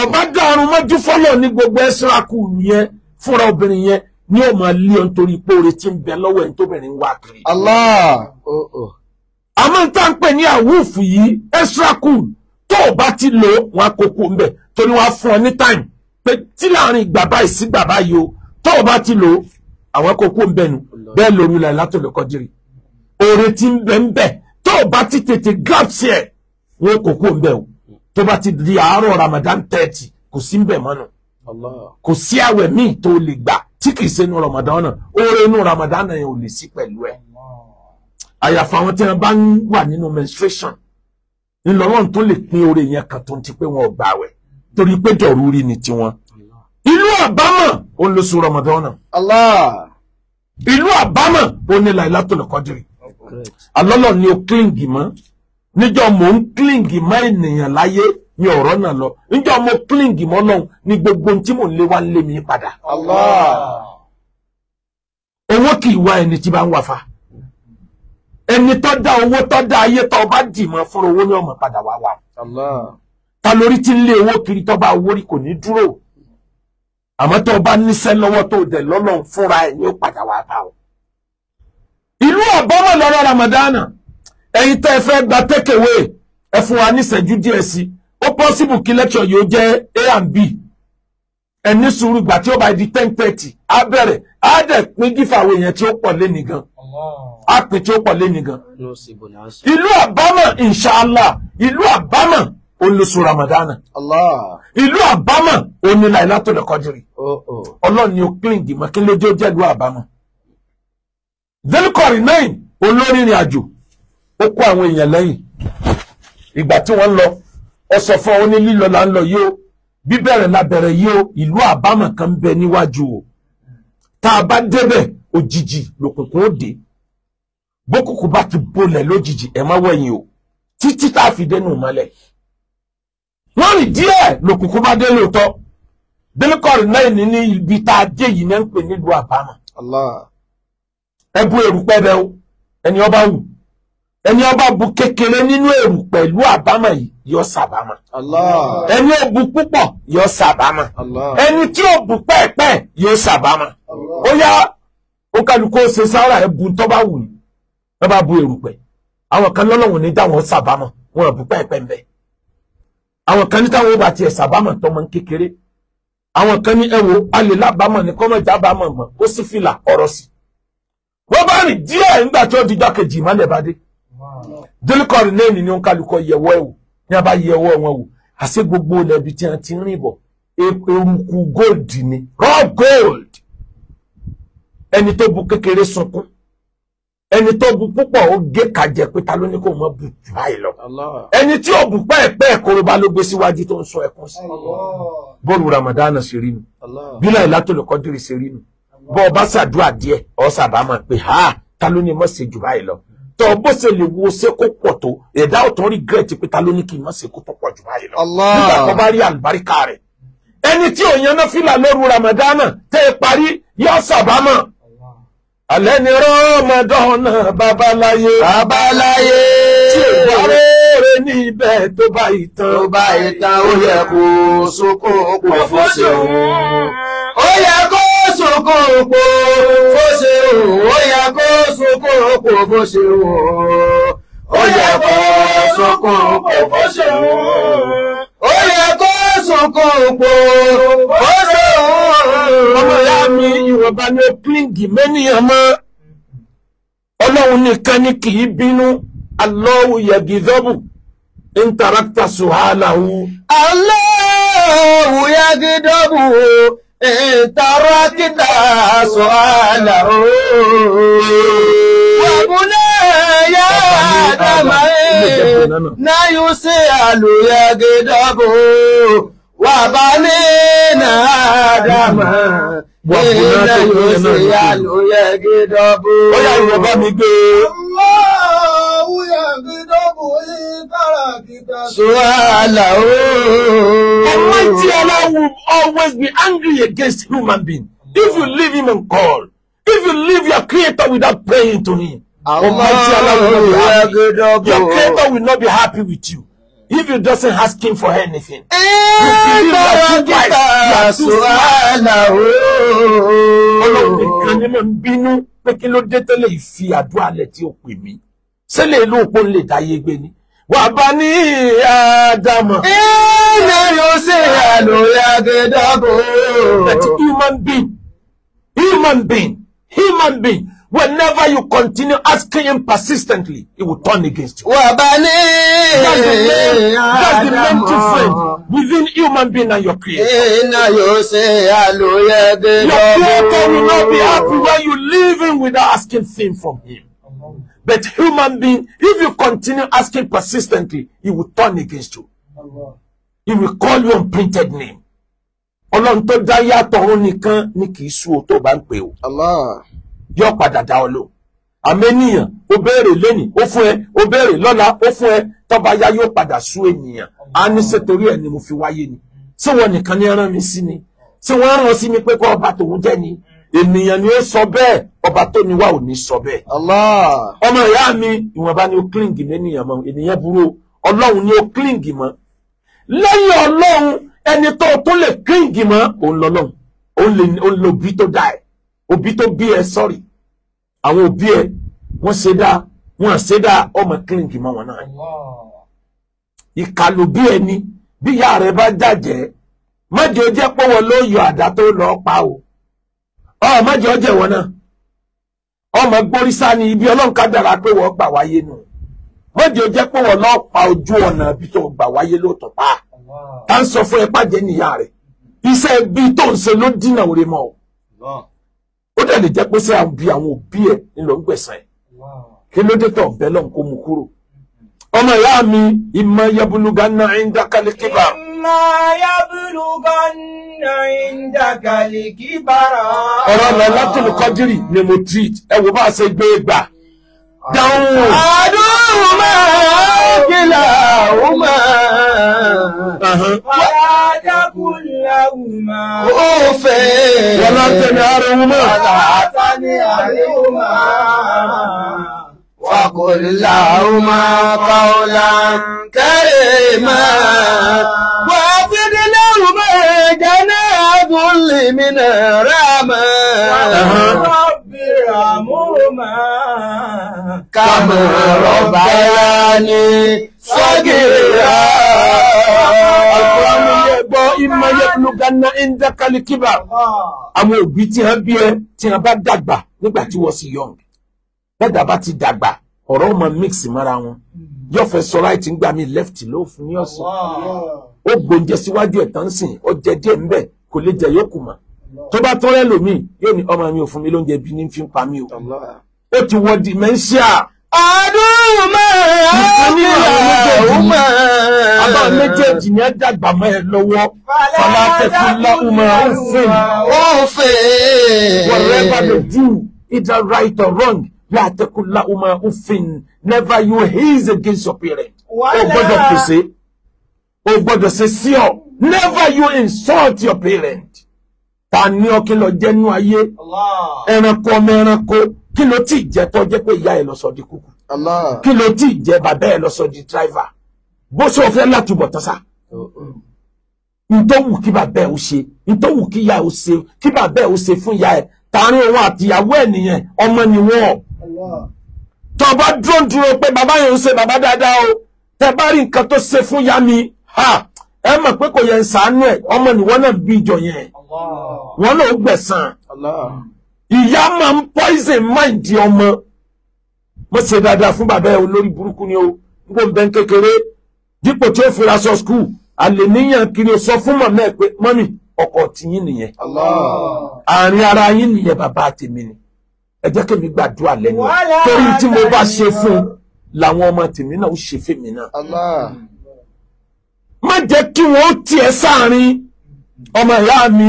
ọ̀bádàrún mọ́jú fọ́lọ̀ ní gbogbo ẹ́sìnrà kù yẹn fúnra obìnrin yẹn ní ọmọ ilé ọ̀n torí pé oore ti ń bẹ lọ́wọ́ ẹni tóbìnrin wá kiri. àmọ́ n tá n pè ní àwùfù yìí ẹ́sìnrà kù tó o bá ti lò wọn kò kú ń bẹ̀ torí wọn á fún ọ ní táìmù pé tí láàrin ìgbà báyìí sí ìgbà báyìí o tó o bá ti lò àwọn kò ń bẹ̀ nù bẹ́ẹ̀ lórí ilẹ̀ látòlẹ̀ kọjírí oore ti ń bẹ ń bẹ tó o bá ti tètè gáàsì ẹ̀ wọn kò ń bẹ̀ o tó bá ti di àárọ̀ Ramadan thirty kò sí ń bẹ̀ mọ́nà kò sí àwẹ̀ míì tó lè gbà tí kì ṣe inú Ramadan náà oore inú Ramadan náà yẹn ò lè sí pẹ̀lú ẹ̀ àyàfà àwọn tí wọn bá ń wà nínú menstruation ńlọrọrùn tó lè pín oore yẹn kan tó ń ti pé wọn ò gbààwẹ̀ torí pé dọ̀rúrí ni tiwọn ìlú àbámọ̀ ó ń lóṣù Ramadan náà Allah ìlú àbámọ̀ ó ní Lailatul Qadri alọ́lọ́ ni ó kílìngì mọ́ níjọ́ mò ń kílìngì mọ́ eniyan láyé mi ọ̀rọ̀ na lo. níjọ́ mo klingi mọ́ lọ́hùn ní gbogbo tí mò ń lé wá ń lé mi padà. owó kì í wá ẹni tí bá ń wà fa ẹni tó dá owó tó dá ayé tó bá dì mọ́ fún owó ní ọmọ padà wá wà. ta lórí tí ń lé owó kiri tó bá owó rí kò ní dúró àmọ́ tó bá níṣẹ́ lọ́wọ́ tó dẹ̀ lọ́lọ́run fúnra ẹ̀ ní padà wá bá ọ. ìlú ọ̀bọ̀rọ̀ lọ́rọ̀ Ramadana. ẹ̀yin tẹ́ ẹ fẹ́ gba take away ẹ fún wa níṣẹ́jú díẹ̀ sí ó possible kí lecture yóò jẹ́ a and b ẹ ní sùúrù ìgbà tí ó bá di ten thirty á bẹ̀rẹ̀ á dẹ̀ pín giveaway yẹn tí ó pọ̀ lé ní gan á pín tí ó pọ̀ lé ní gan ìlú àbámọ̀ inshallah ìlú àbámọ̀ olùsù ramadana ìlú àbámọ̀ òní Lailatul Qadri oh, oh. ọlọ́ni ó clean dìmọ́ kí lójó jẹ́ ìlú àbámọ̀ delcor nine olórin ìrìn àjò ó kó àwọn èèyàn lẹ́yìn ìgbà tí wọ́n lọ ọ sọ fún ọ ní lílọ là ń lọ yìí o bíbẹ̀rẹ̀ la bẹ̀rẹ̀ yìí o ìlú àbámọ̀ kan ń bẹ níwájú o tá a bá débẹ̀ òjijì lòkùnkùn ó dé bókùnkùn bá ti bolẹ̀ lójijì ẹ má wẹ̀yìn o títí tá a fi dénú mọ́lẹ̀ wọ́n rìn díẹ̀ lòkùnkùn bá dé lóòótọ́ bílíkọ̀rì náà ní ní ibi tá a dé yìí náà ń pè nílùú àbámọ̀ ẹ bu èrùpẹ̀ bẹ́ẹ̀ o ẹni ọba wù ẹni ọba bu kékeré nínú èrú pẹ̀lú àbámọ̀ yìí yọ sàbámọ̀ ẹni ó bu púpọ̀ yọ sàbámọ̀ ẹni tí ó bu pẹ́ẹ̀pẹ́ yọ sàbámọ̀ ó yá ó kálukú ó ṣe sáárà ẹ bu tọ́ bá wù yìí ẹ bá bu èrú pẹ̀ àwọn kan lọ́lọ́wọ̀n ní dáwọn sàbámọ̀ wọn bu pẹ́ẹ̀pẹ́ ń bẹ àwọn kan ní táwọn ó bá tiẹ̀ sàbámọ̀ tọmọ kékeré àwọn kan ní ẹwọ alẹ́ ní kọ́mọ̀jà bámọ̀ ó sì fìlà ọ̀rọ̀ sí wọ́n bá rìn díẹ̀ nígbà tó dijọ́ kejì ìmọ̀lẹ̀ bá dúlùkọ̀rì náà ni ó ń kálukọ yẹ̀wọ́ ẹ̀ wò ní abá o wọn wò àṣé gbogbo lẹ́bi tí wọ́n ti ń rìn bọ̀ e-, eruku gold ni raw gold ẹni tó bu kékeré sunkún ẹni tó bu púpọ̀ o gé kàjẹ́ pé ta ló ní kó mọ́ bu jù báyìí lọ ẹni tí ò bu pẹ́ẹ̀pẹ́ koroba ló gbé síwájú tó ń sọ ẹkún sí bóòlù Ramadan ṣe rí nu bílẹ̀ ìlàtòlù kọ́dírì ṣe rí nu bọ́ọ̀ bá o díẹ̀ ọ̀ sábà máa pé ha ta ló ní mọ́ ṣe jù báyìí lọ dán bó ṣe lè wo ṣé kó pọ̀ tó ẹ̀dá ọ̀tún regret pé ta ló ní kí n má ṣe kó tó pọ̀ jù báyìí lọ nígbà tó bá rí àlùbáríkà rẹ̀ ẹni tí ò yan náfìlà lóru ramadana tẹ́ ẹ parí yọ sàbámọ̀ alẹ́ ni rọ́ọ̀mọdán babaláyé babaláyé tí ò wáré rẹ ní tó bá ìtàn tó bá ìtàn ó yẹ kó sókò pọ̀ fún ṣe òun ó yẹ kó sunkún òpó bó ṣe wò ó yẹ kó sunkún òpó bó ṣe wò ó yẹ kó sunkún òpó bó ṣe wò ó yẹ kó sunkún òpó bó ṣe wò ó. ọmọ ìyá mi ìwọ̀nba ni pínkì mẹ́niyàn mọ́ ọlọ́run nìkan ni kì í bínú alọ́wù yẹ̀gìdọ́bù ń tarakta sùhálà wù. alọ́wù yẹ̀gìdọ́bù o. تركت سؤاله وبني آدم يسأل يغضب وبنين آدم إن يسأل يغضب. ó yà ìwọ̀n bá mi gbé e. Suala ooo. Oh. Almighty Allah will always be angry against human being if you leave him in call. If you leave your creator without praying to him, Almighty ah, Allah will not be happy. Your oh. creator will not be happy with you if you doesn't ask him for anything. Eh, oh. Ọlọ́run nìkan ni mo bínú pé kí ló dé tẹ́lẹ̀ ìfi àdúrà lẹ̀ tí ó pè mí. Sẹ́lẹ̀ ìlú òpó ń lè dáyé gbé ni. وبني آدم إن human being human being human being Whenever you continue asking him persistently, he will turn against you. That's the main, that's the main difference within human being and your creator. Your creator will not be happy when you leave him without asking things from him. But human being, if you continue asking persistently, he will turn against you. Allah. He will call you unprinted name. Ọlọ́run tó dá yàtọ̀ òun nìkan ni kì í sú o tó bá ń pè o. Allah. Yọ padà dá ọ lò. Àmọ́ ènìyàn ó béèrè lénìí, ó fún ẹ, ó béèrè lọ́la, ó fún ẹ, tọ́ba ya yóò padà sú ènìyàn. A ní ṣètòrí ẹ̀ ni mo fi wáyé ni. Ṣé wọn nìkan ni ẹ rán mi sí ni? Ṣé wọ́n rán ọ sí mi pé kọ́ ọba tòun jẹ́ ni? ènìyàn ni ó sọ bẹ́ẹ̀ ọba tó ní wa ò ní sọ bẹ́ẹ̀. ọmọ ìyá mi ìwọ̀nba ni ó kílìngì mẹ́nìyàn mọ́ ènìyàn burú ọlọ́run ni ó kílìngì mọ́ lẹ́yìn ọlọ́run ẹni tó tó lè kílìngì mọ́ òun lọ́lọ́run òun lè òbí tó dá ẹ̀ òbí tó bí ẹ sọ́rí àwọn òbí ẹ wọ́n ṣe dáa wọ́n ṣe dáa ọmọ kílìngì mọ́ wọn náà. ìkàlù bí ẹni bí ìyá rẹ bá jàjẹ́ mọ́jọ́ jẹ́ pọ́wọ́ ló yọ pa o. ọ má jẹ́ ọjẹ́ wọn náà ọmọ gbórí sá ni ibi ọlọ́run ká dára pé wọ́n gbà wáyé nù má jẹ́ pé wọ́n pa ojú ọ̀nà bí tó gbà wáyé lóòótọ́ pa tá ń sọ fún ẹ nìyá rẹ̀ iṣẹ́ ibi tó ń ṣe ló dínà òre mọ́ ó dẹ̀ lè jẹ́ pé àwọn òbí ẹ̀ ńlọ ń gbẹ̀sán ẹ̀ إما يبلغن عندك الكبر ọ̀rọ̀ lọ́látùlù kọ́dírì ni mo tí ẹ wò bá a ṣe gbé gbà àdúrà máa kìlà ó máa wáyà dákúláwù máa. ó fẹ́. wọ́n látẹ̀ ní àrùn máa. wọ́n látẹ̀ ní àrùn máa. فقل لهما قولا كريما واخفض لهما جناح الذل من رحمة رب ارحمهما كما ربياني صغيرا ìmọ̀ yẹ́pùlù gánà ń dákàlì kíbà àwọn òbí tí wọ́n bí ẹ tí wọ́n bá dàgbà nígbà tí wọ́n sì yọ̀ǹg bẹ́ẹ̀dá bá ti dàgbà ọ̀rọ̀ ọmọ mix mọ́ra wọn mm. yóò fẹ́ sọ right ń gbà mí left ló fún ní ọ̀sán ó gbóúnjẹ síwájú ẹ̀ tán sìn ó jẹ díẹ̀ ńbẹ̀ kò lè jẹ yókù mọ́ tó bá tọ́ rẹ́ lòmíì yóò ní ọmọ mi ò fún mi lóúnjẹ bí ní fi ń pa mí o ó ti wọ dementia. ọdún mẹ́rin ọdún mẹ́rin mẹ́rin. àbá méjèèjì ni ẹ dàgbà mọ́ ẹ lọ́wọ́ fàlà tẹ̀kùn lọ́hùnmọ́ òfin. òfin. whatever they do either right or wrong la tẹkùlá ọmọ never you hiss against your parent o gbọ́dọ̀ pèsè o gbọ́dọ̀ ṣe sí ọ never you insult your parent ta ni ọ kí lọ jẹnu ayé ẹranko ọmọ ẹranko kí ló tí jẹ tó jẹ pé ìyá ẹ lọ di kúkú kí ló tí jẹ bàbá ẹ lọ sọ di driver bó ṣe òfin látúbọ̀ tán sá ntọ́wù kí bàbá ẹ ó ṣe ntọ́wù kí ìyá ya ó ṣe kí bàbá ẹ ó ṣe fún ìyá ẹ tààrin òun àtìyàwó ẹ nìyẹn ọmọ ni wọn tó bá dúró dúró pé bàbá yẹn ń ṣe bàbá dáadáa o tẹ bá rí nǹkan tó ṣe fún yá mi ẹ mọ̀ pé kò yẹ ń sàánú ẹ̀ ọmọ nìwọ́n náà bí ìjọ yẹn wọn náà ó gbẹ̀sán ìyá máa ń poison mind ọmọ mo ṣe dáadáa fún bàbá ẹ olórí burúkú ni o n kò bẹ́ẹ̀ kékeré dípò tí ó fira sọ skul àlè níyàn kiri sọ fún mọ̀mọ́ ẹ pé mọ́mì ọkọ tìyín nìyẹn àárín ara yín nìyẹn bàbá tèmi ni ẹ jẹ́ kí mi gbàdúrà lẹ́nu torí tí mo bá ṣe fún làwọn ọmọ tèmi náà ó ṣe fèmí náà má jẹ́ kí wọ́n tiẹ̀ sáàrin ọmọ ìyá mi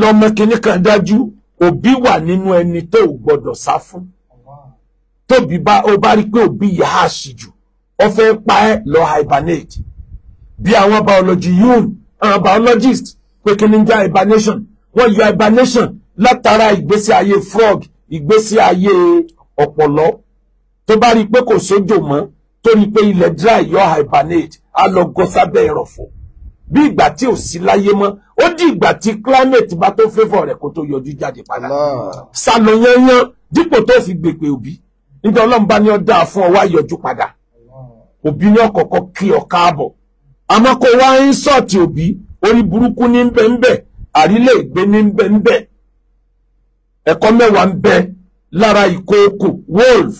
lọ́mọ kìíní kan dájú òbí wà nínú ẹni tó ò gbọ́dọ̀ sá fún tóbi bá ó bá rí pé òbí ìyá àṣìjù ó fẹ́ pa ẹ́ lọ hibernate bí àwọn biology yún àwọn biologist pé kí ni ń hibernation wọ́n yọ hibernation látara ìgbésí ayé frog ìgbésí ayé ọ̀pọ̀lọ́ tó bá rí i pé kò sójò mọ́ tó rí i pé ilẹ̀ dry yọ hibernate á lọ gọ sábẹ́ ẹ̀rọ̀fọ̀ bí ìgbà tí ò sí láyé mọ́ ó di ìgbà tí climate bá tó favour rẹ̀ kó tó yọjú jáde padà sálọ yanyan dípò tó fi gbèpè òbí nígbà ọlọ́run bá ní ọ dáa fún ọ wá yọjú padà òbí ní ọ̀kọ̀ọ̀kọ̀ kí ọ káàbọ̀ àmọ́ kó wá ń sọ̀tì òbí orí burúkú ní bẹ́ẹ̀ bẹ́ẹ̀ àrílẹ̀ ìgbé ní bẹ́ẹ̀ bẹ́ẹ̀ ẹ̀kọ́ mẹ́wàá ń bẹ lára ìkookò wolf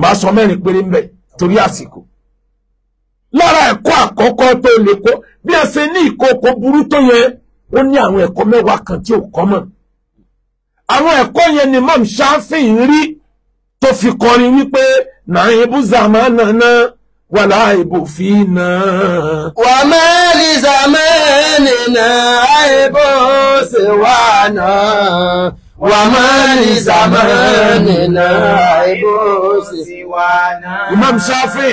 màá sọ mẹ́rin péré ń bẹ torí àsìkò lára ẹ̀kọ́ àkọ́kọ́ tó lè kọ́ bí a ṣe ní ìkookò burú tó yẹ ó ní àwọn ẹ̀kọ́ mẹ́wàá kan tí ò kọ́mọ̀ àwọn ẹ̀kọ́ yẹn ni Imam Shafi'i rí tó fi kọrin wípé nàìbù zamanana wàláìbù fínà. wàmẹ́rì zamanana. زماننا عيب سوانا وما لزماننا عيب سوانا Imam Shafi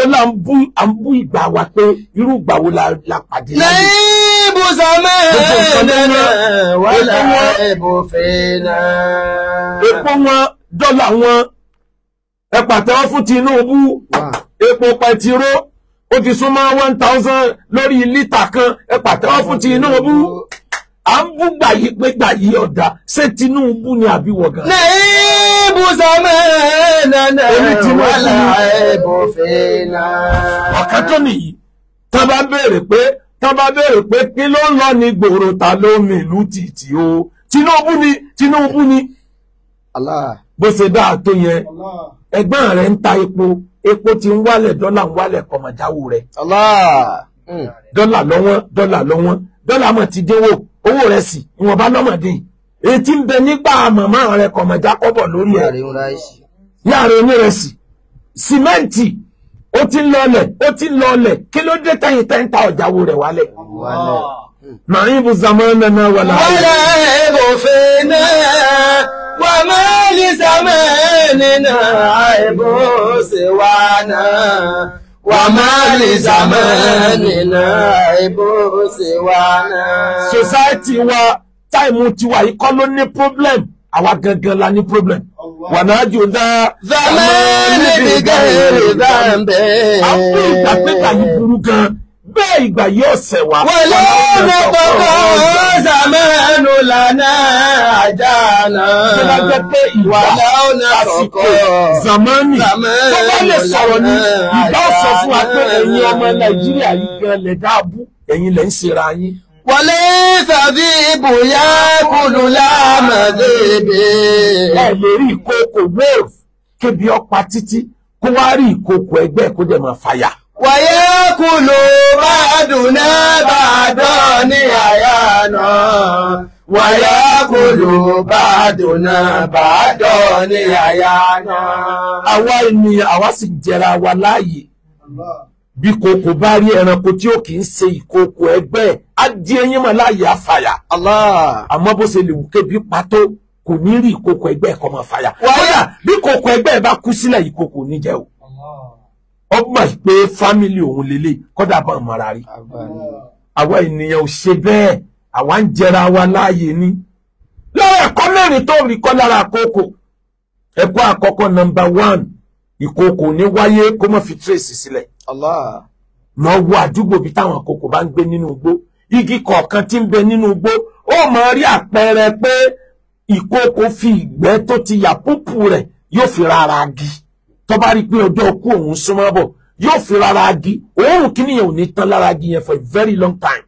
ó là ń bú à ń bú ìgbà wa pé irú ìgbà wo la la pàdé na. Nàìbù sàmẹ́ẹ̀dẹ́nà wà láìbò fẹ́nà. Epo wọn dọ́là wọn ẹ pàtẹ́wọ́ fún Tinubu ah. epo pẹtiró ó ti súnmọ́ one thousand lórí lítà kan ẹ pàtẹ́wọ́ fún Tinubu à ń bú gbàyí pé gbàyí ọ̀dà ṣé Tinubu ni àbí wọ̀gá. nàìbù sàmẹ́ nànà wàlà ẹ̀bùn fẹ́lá. ọ̀kan tó nìyí tá a bá béèrè pé tá a bá béèrè pé kí ló ń lọ ní gbòòrò ta ló ń mìlú tìtì o Tinubu ni Tinubu ni bó ṣe dáa tó yẹn ẹ̀gbọ́n rẹ̀ ń ta epo epo ti ń wálẹ̀ dọ́là ń wálẹ̀ kọ̀mọ̀jáwó rẹ̀. Hmm. dọ́là lọ́wọ́n dọ́là lọ́wọ́n dọ́là mọ̀ ti dínwó owó rẹ̀ sì ìwọ̀nba lọ́mọdé etí ń bẹ nígbà màmá rẹ̀ kọ̀mọ̀já kọ́bọ̀ lórí ẹ̀ yára onírẹsì sìmẹ́ǹtì ó ti ń lọlẹ̀ o ti ń lọlẹ̀ kí ló dé tẹ̀yìn tẹ́ ta ọ̀jáwó rẹ̀ wálẹ̀. نعيب زماننا ولا عيب فينا وما لزماننا عيب سوانا وما لزماننا عيب سوانا society wa táìmù tiwa yìí kọ́ ló ní problem àwa gangan la ní problem wànájú dá. zamani bi gẹ̀rẹ́ zambe. àwọn ìgbà pé bẹ́ẹ̀ ìgbà yóò ṣẹ̀ wá. wọlé mo kọ́kọ́ ṣàmẹ́nu lànà àjà náà. ṣé bá jẹ́ pé ìwà àsìkò zamani tó bá lè sọ̀rọ̀ ní ìbá sọ fún wa pé ẹ̀yin ọmọ nàìjíríà yìí gan lè dáàbò ẹ̀yin lè ń ṣera yín. wọlé tàbí ibùyá kùnú lámàdébé. ẹ lè rí ìkókò wave kébi ọ̀pá títí kó wá rí ìkókò ẹgbẹ́ kó dẹ̀ máa fàyà wàyẹ́kùlù bàdùnà bàdàn ní àyànà wàyẹ́kùlù bàdùnà bàdàn ní àyànà. àwa ni àwa sì jẹra wa láàyè bí kòkò bá rí ẹranko tí ó kì í ṣe ìkòkò ẹgbẹ́ ẹ̀ á di eyín mọ́ láàyè àfàyà. àmọ́ bó ṣe lè wù kébi pàtó kò ní rí ìkòkò ẹgbẹ́ ẹ̀kọ́ mọ́ fàyà. wàyà bí kòkò ẹgbẹ́ bá kú sílẹ̀ ìkòkò níjẹ́ o ó mọ̀ pé fámìlì òun lélẹ̀ kọ́dà bá mara rí àwa ènìyàn ò ṣe bẹ́ẹ̀ àwa ń jẹra wa láàyè ni lọ́wọ́ ẹ̀kọ́ mẹ́rin tó rí kọ́ lára àkókò ẹ̀kọ́ àkọ́kọ́ nọmba one ìkòkò ní wáyé kó má fi tírèsì sílẹ̀ lọ wo àdúgbò bí táwọn àkókò bá ń gbé nínú igbó igi kọ̀ọ̀kan tí ń bẹ nínú igbó ó máa rí àpẹẹrẹ pé ìkòkò fi ìgbẹ́ tó ti yà púpù rẹ̀ yóò fi ra ara tó bá rí pé ọjọ́ ọkú òun súnmọ́ bọ̀ yóò fi rárá agi òórùn kíní yẹn ò ní tán lára agi yẹn for a very long time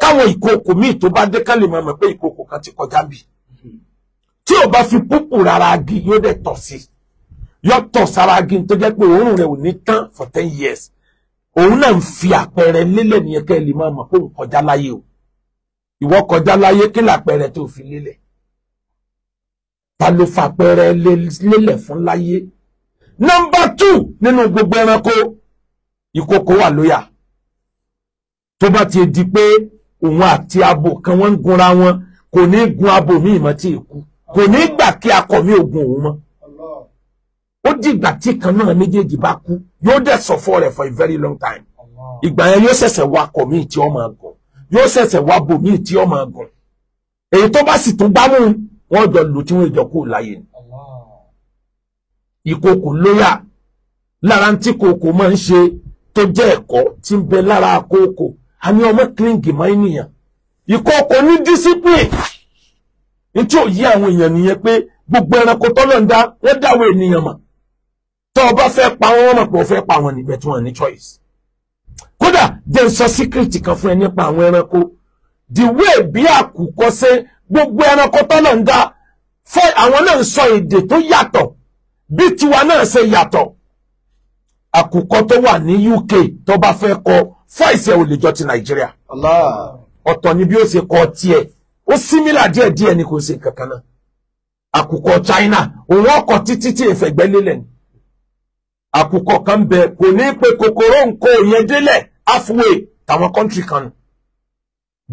káwọn ìkòkò míì tó bá dé kán lè mọ̀ pé ìkòkò kan ti kọjá bì tí ò bá fi púpù rárá agi yóò dẹ̀ tọ̀ sí yóò tọ̀ sára agi tó jẹ́ pé òórùn rẹ̀ ò ní tán for ten years òun náà ń fi àpẹẹrẹ lélẹ̀ nìyẹn kẹ́ ẹ lè máa mọ̀ pé òun kọjá láyé o ìwọ kọjá láyé kí làpẹẹrẹ tó fi lélẹ̀ ta ló fàpẹẹrẹ lélẹ̀ fún láyé Number two, nínú gbogbo ẹranko ìkòkò wà lóyà tó bá ti di pé òun àti abo kan wọ́n ń gunra wọn kò ní gun abo míì mọ́ tí ì kú kò ní gbà kí akọ mi ò òun mọ́ ó dìgbà tí kan náà méjèèjì bá kú yóò dẹ̀ sọ̀fọ̀ rẹ̀ for a very long time ìgbà yẹn yóò ṣẹ̀ṣẹ̀ wá akọ míì tí ó máa gùn yóò ṣẹ̀ṣẹ̀ wá bo míì tí ó máa gùn èyí tó bá sì tún gbámú wọn jọ lù tí wọn jọ kú láyé ni ìkòkò lóyà lára tí kòkò máa ń ṣe tó jẹ́ ẹ̀kọ́ tí ń bẹ lára kòkò a ní ọmọ kílíǹgì máa ń nìyàn ìkòkò ní discipline ní tí ò yí àwọn èèyàn nìyẹn pé gbogbo ẹranko tọ́lọ̀ ń dá wọ́n dáwọ́ ènìyàn mọ̀ tó o bá fẹ́ pa wọ́n mọ̀ pé o fẹ́ pa wọ́n níbẹ̀ tí wọ́n ní choice kódà jẹ́ n sọ síkírìtì kan fún ẹ nípa àwọn ẹranko the way bí àkùkọ ṣe gbogbo ẹranko tọ́lọ̀ ń dá fẹ́ àwọn náà ń sọ èdè tó yàtọ̀ bí tiwa náà ṣe yàtọ̀ àkùkọ tó wà ní UK tó bá fẹ́ kọ fáìsì ẹ̀ ò lè jọ ti Nàìjíríà ọ̀tọ̀ ni bí ó ṣe kọ tiẹ̀ ó símílà díẹ̀díẹ̀ ni kò ṣe kankan náà àkùkọ China òun ọkọ̀ títí tí ìfẹ̀gbẹ́ lélẹ̀ ni àkùkọ kan bẹ kò ní pe kòkòrò nǹkan òyìn délẹ̀ halfway táwọn kọ́ńtì kan nù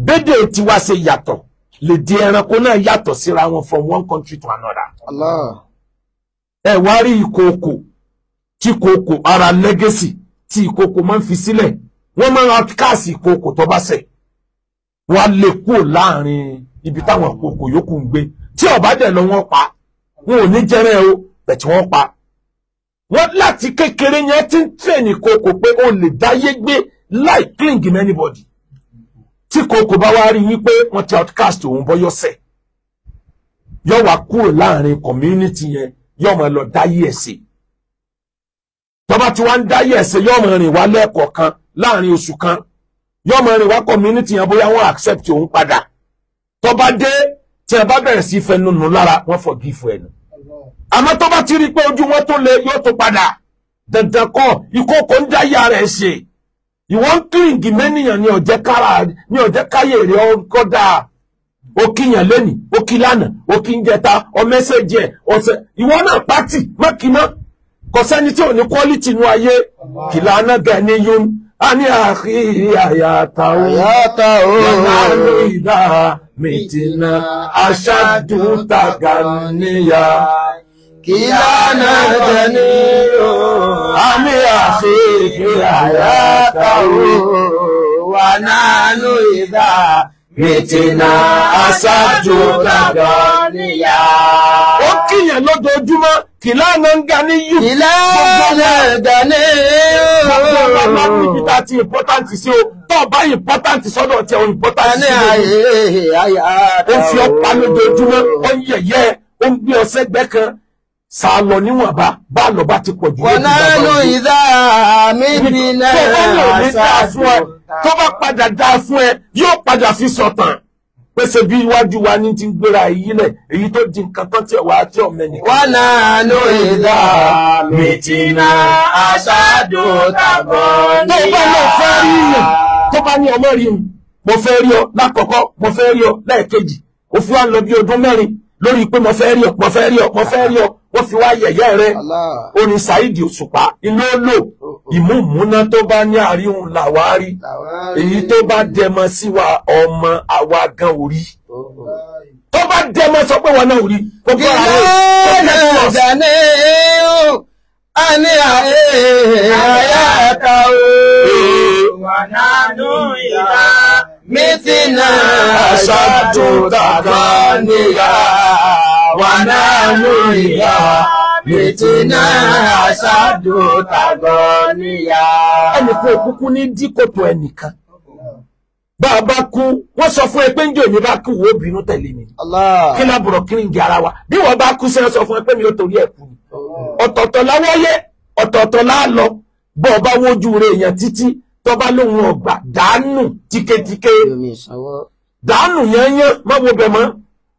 bédè tiwa ṣe yàtọ̀ lè di ẹranko náà yàtọ̀ síra wọn from one country to another. Allah ẹ wá rí ìkòkò tí ìkòkò ara lẹ́gẹ́sì tí ìkòkò máa ń fi sílẹ̀ wọ́n máa ń ra káàsì ìkòkò tó bá ṣẹ̀ wọ́n á lè kúrò láàrin ibi táwọn ìkòkò yòókù ń gbé tí ọ̀bá dẹ̀ lọ wọ́n pa wọn ò ní jẹ́rẹ́ o bẹ̀ tí wọ́n pa wọ́n láti kékeré yẹn ti ń tẹ̀yìn ìkòkò pé o lè dáyé gbé láì cling in anybody tí ìkòkò bá wá rí wípé wọ́n ti outcast òun bọ́ yọ̀sẹ̀ yọ̀ wá kúrò láàrin community yẹn yóò máa lọ dáyé ẹ̀sẹ̀ tọ́ba tí wọ́n ń dáyé ẹ̀sẹ̀ yóò máa rìn wá lẹ́ẹ̀kọ̀ọ́ kan láàrin oṣù kan yóò máa rìn wá community yẹn bóyá wọ́n accept òun padà tọ́ba dé tí ẹ bá bẹ̀rẹ̀ sí fẹ́ nùnú lára wọ́n forgive ẹnu àmọ́ tọ́ba ti rí i pé ojú wọn tó le yóò tó padà dandan kọ́ ìkókò ń dáyé ara ẹ̀ ṣe ìwọ́n ń kílìngì mẹ́nìyàn ní ọ̀jẹ́ káyè rẹ̀ ọkọ̀ dáa o kíyàn lẹ́nìí o kí lánàá o kí ń jẹta ọ mẹ́sẹ̀jì ẹ̀ ọ̀sẹ̀ ìwọ náà pátì mọ́kìmọ́ kò sẹ́ni tí ò ní quality inú ayé kìlànà gan ni yún a ní àhí àyàtà o àyàtà o lọ́nà ìdá mìtìnà aṣáájú tàgà níyà kìlànà gan ni yún a ní àhí àyàtà o wà nánú ìdá mìtìnà aṣáájú tàbí níyà. ó kíyàn lójoojúmọ́ kìlánà ń ga ní yù. kìlánà ga ní yù. gbogbo ọba máa ń níbi tá a ti important sí o tó ọba important sọ́dọ̀ tí o important sí o. ó fi ọ́ pa lójoojúmọ́ ó ń yẹ̀yẹ́ ó ń gbé ọsẹ́gbẹ́ kan sá lọ níwọ̀nba bá lọ bá ti pọ̀ jù. wọn náà lò ìdá mi bí náà ṣáà tó bá padà dáa fún ẹ yóò padà fi sọ̀tàn pèsè bí iwájú wa ní ti gbéra èyí lẹ̀ èyí tó di nǹkan tán tí ẹ̀wà àti ọ̀mẹ nìkan. wọn náà ló ìdá mìtìnà aṣáájú tàbọ̀ níyà. tó bá náà fẹ́ rí yàn tó bá ní ọmọ rí mi mo fẹ́ rí ọ lákọ̀ọ́kọ́ mo fẹ́ rí ọ lẹ́ẹ̀kejì òfin wa lọ bí ọdún mẹ́rin lórí pé mo fẹ́ rí ọ mo fẹ́ rí ọ mo fẹ́ rí ọ wọ́n fi wá yẹ̀yẹ́ rẹ̀ orin Saheed Òṣùpá ilé ó lò oh, oh. ìmúmúná tó bá ní àríhùn làwárí èyí tó bá dẹmọ sí wa ọmọ àwa gan orí oh, tó bá dẹmọ sọ pé wọn náà orí kò kí ara rẹ kò kí ẹ lọ. a ní àyè e, e, e, àyàkà o wà nánú ìlà mítínà ṣáájú tàbá níyà. ونحن إذا mìtínà àṣàdù tàgọ́ níyà. ẹnìkan òkúkú ní díkòtò ẹnìkan bá a bá kú wọ́n sọ fún ẹ pé njẹ́ òní bá kú wo bínú tẹ̀lé mi kí lábùrọ̀ kí n jẹ ara wa bí wọ́n bá kú sẹ́yìn sọ fún ẹ pé mi ò torí ẹ̀ kú ni ọ̀tọ̀ọ̀tọ̀ láwọ́yé ọ̀tọ̀ọ̀tọ̀ láàlọ́ bọ́ ọ bá wojú rẹ̀ èèyàn títí tọ́ba lóhun ọ̀gbà dànù tíketíke dànù yẹn yẹn má wo bẹ̀ mọ́.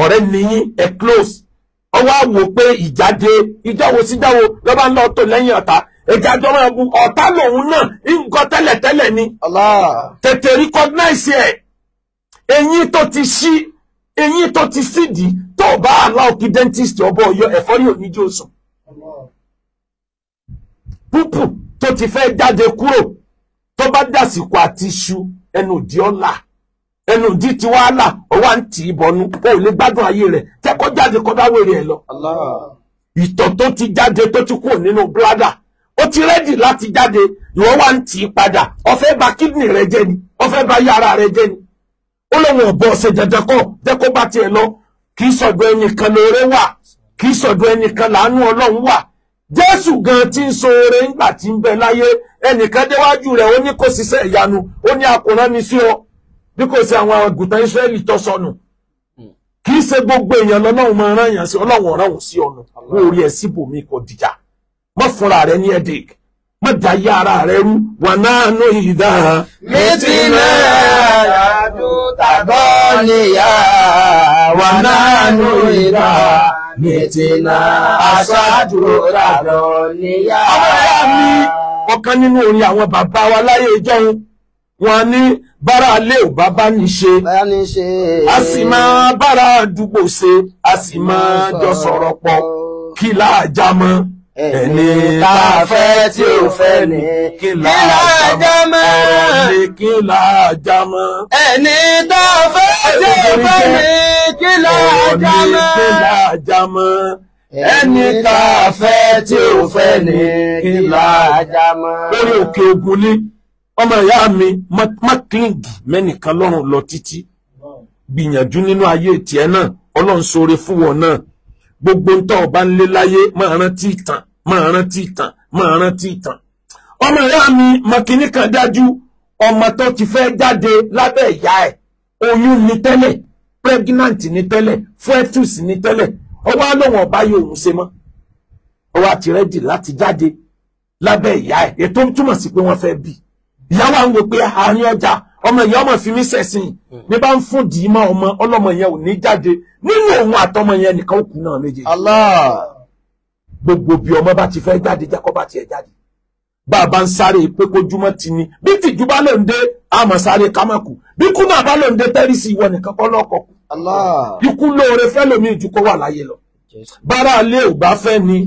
ọ̀rẹ́ nìyí ẹ close ọwọ́ àwò pé ìjáde ìjọwo síjáwo lọ́ba ń lọ tó lẹ́yìn ọ̀tá ẹ̀jẹ̀ àjọmọ́ ẹ̀bù ọ̀tá lòun náà nǹkan tẹ́lẹ̀tẹ́lẹ̀ ni tètè recognize ẹ̀ eyín tó ti ṣí eyín tó ti sídìí tó bá allow kí dentist ọbọ̀ ọyọ ẹ̀fọ́rí oníjó sùn púpù tó ti fẹ́ jáde kúrò tó bá dàsìkò àti iṣu ẹnu ìdí ọ̀la ẹnu dí ti wá là ó wa ń tì í bọ̀nú ẹ ò lè gbádùn ayé jáde kọ́ dáwọ́ èrè lọ. ti jáde tó ti kúrò nínú blada ó ti rẹ́dì láti jáde ìwọ wá ń tì í padà ó ba kídìnì rẹ jẹ́ ni ó fẹ́ yàrá rẹ jẹ́ ni ó lóun ọ̀bọ ọ̀sẹ̀ jẹjẹ kọ́ tẹ́kọ́ bá tiẹ̀ lọ kì í sọ̀dọ̀ ẹnìkan lóore wà kì í sọ̀dọ̀ ẹnìkan làánú ọlọ́run wà jésù gan ti ń so bí kò sí israeli àgùntàn Ísírẹ́lì tó hmm. gbogbo èèyàn lọ́lọ́run máa rán èèyàn sí ọlọ́run ọ̀ràn si sí ọ̀nà wọ́n orí ẹ̀ síbòmí kò dìjà mọ́ fúnra rẹ̀ da ya ara re wà náà nù ìdá. mítínà tàbọ̀ níyà nínú wa wọn bára alé ò bá bá ní ṣe a sì máa bára àdúgbò ṣe a sì máa jọ sọ̀rọ̀ pọ̀ kí láàjá mọ́ ẹni tá a fẹ́ tí ò fẹ́ ni kí láàjá mọ́ ọ̀rọ̀ ni kí láàjá mọ́ ẹni tá a fẹ́ tí ò fẹ́ ni kí láàjá mọ́ ẹni tá a fẹ́ tí ò fẹ́ ni kí láàjá mọ́ lórí òkè ogun ní ọmọ ìyá mi má kílìngì mẹ́nìkan lọ́rùn lọ títí gbìyànjú nínú ayé tiẹ̀ náà ọlọ́run ṣoore fún wọn náà gbogbo ń tọ́ ọba ń lé láyé máa rántí ìtàn máa rántí ìtàn máa rántí ìtàn ọmọ ìyá mi mọ̀kìnní kan dájú ọmọ tó ti fẹ́ jáde lábẹ́ ìyá ẹ̀ oyún ni tẹ́lẹ̀ pregnant ni tẹ́lẹ̀ fetus ni tẹ́lẹ̀ ọwọ́ àlọ́wọ̀n ọba yóò ń ṣe mọ́ ọwọ́ àti rẹ́dì láti jáde lábẹ́ ìyá ẹ̀ ètò túmọ̀ sí pé wọ́n fẹ́ bíi ìyá wa ń wo pé àárín ọjà ọmọ ìyá ọmọ fi mí sẹ̀sìn mi hmm. bá ń fún dì í mọ́ ọmọ ọlọ́mọ yẹn ò ní jáde nínú òun àtọmọ yẹn nìkan ó kú náà méje. gbogbo bí ọmọ bá ti fẹ́ jáde jẹ́ kó bá tiẹ̀ jáde bá a bá ń sáré pé kójúmọ́ ti ni bí tìjú bá lè ń dé àmọ́ sáré kámẹ́kù bí kúnà bá lè ń dé tẹ́rìsì ìwọ nìkan kọ́ lọ́kọ̀ọ́kù ikú lóore fẹ́ lómi ìjú wà láyé lọ bára ilé ò bá fẹ́ ni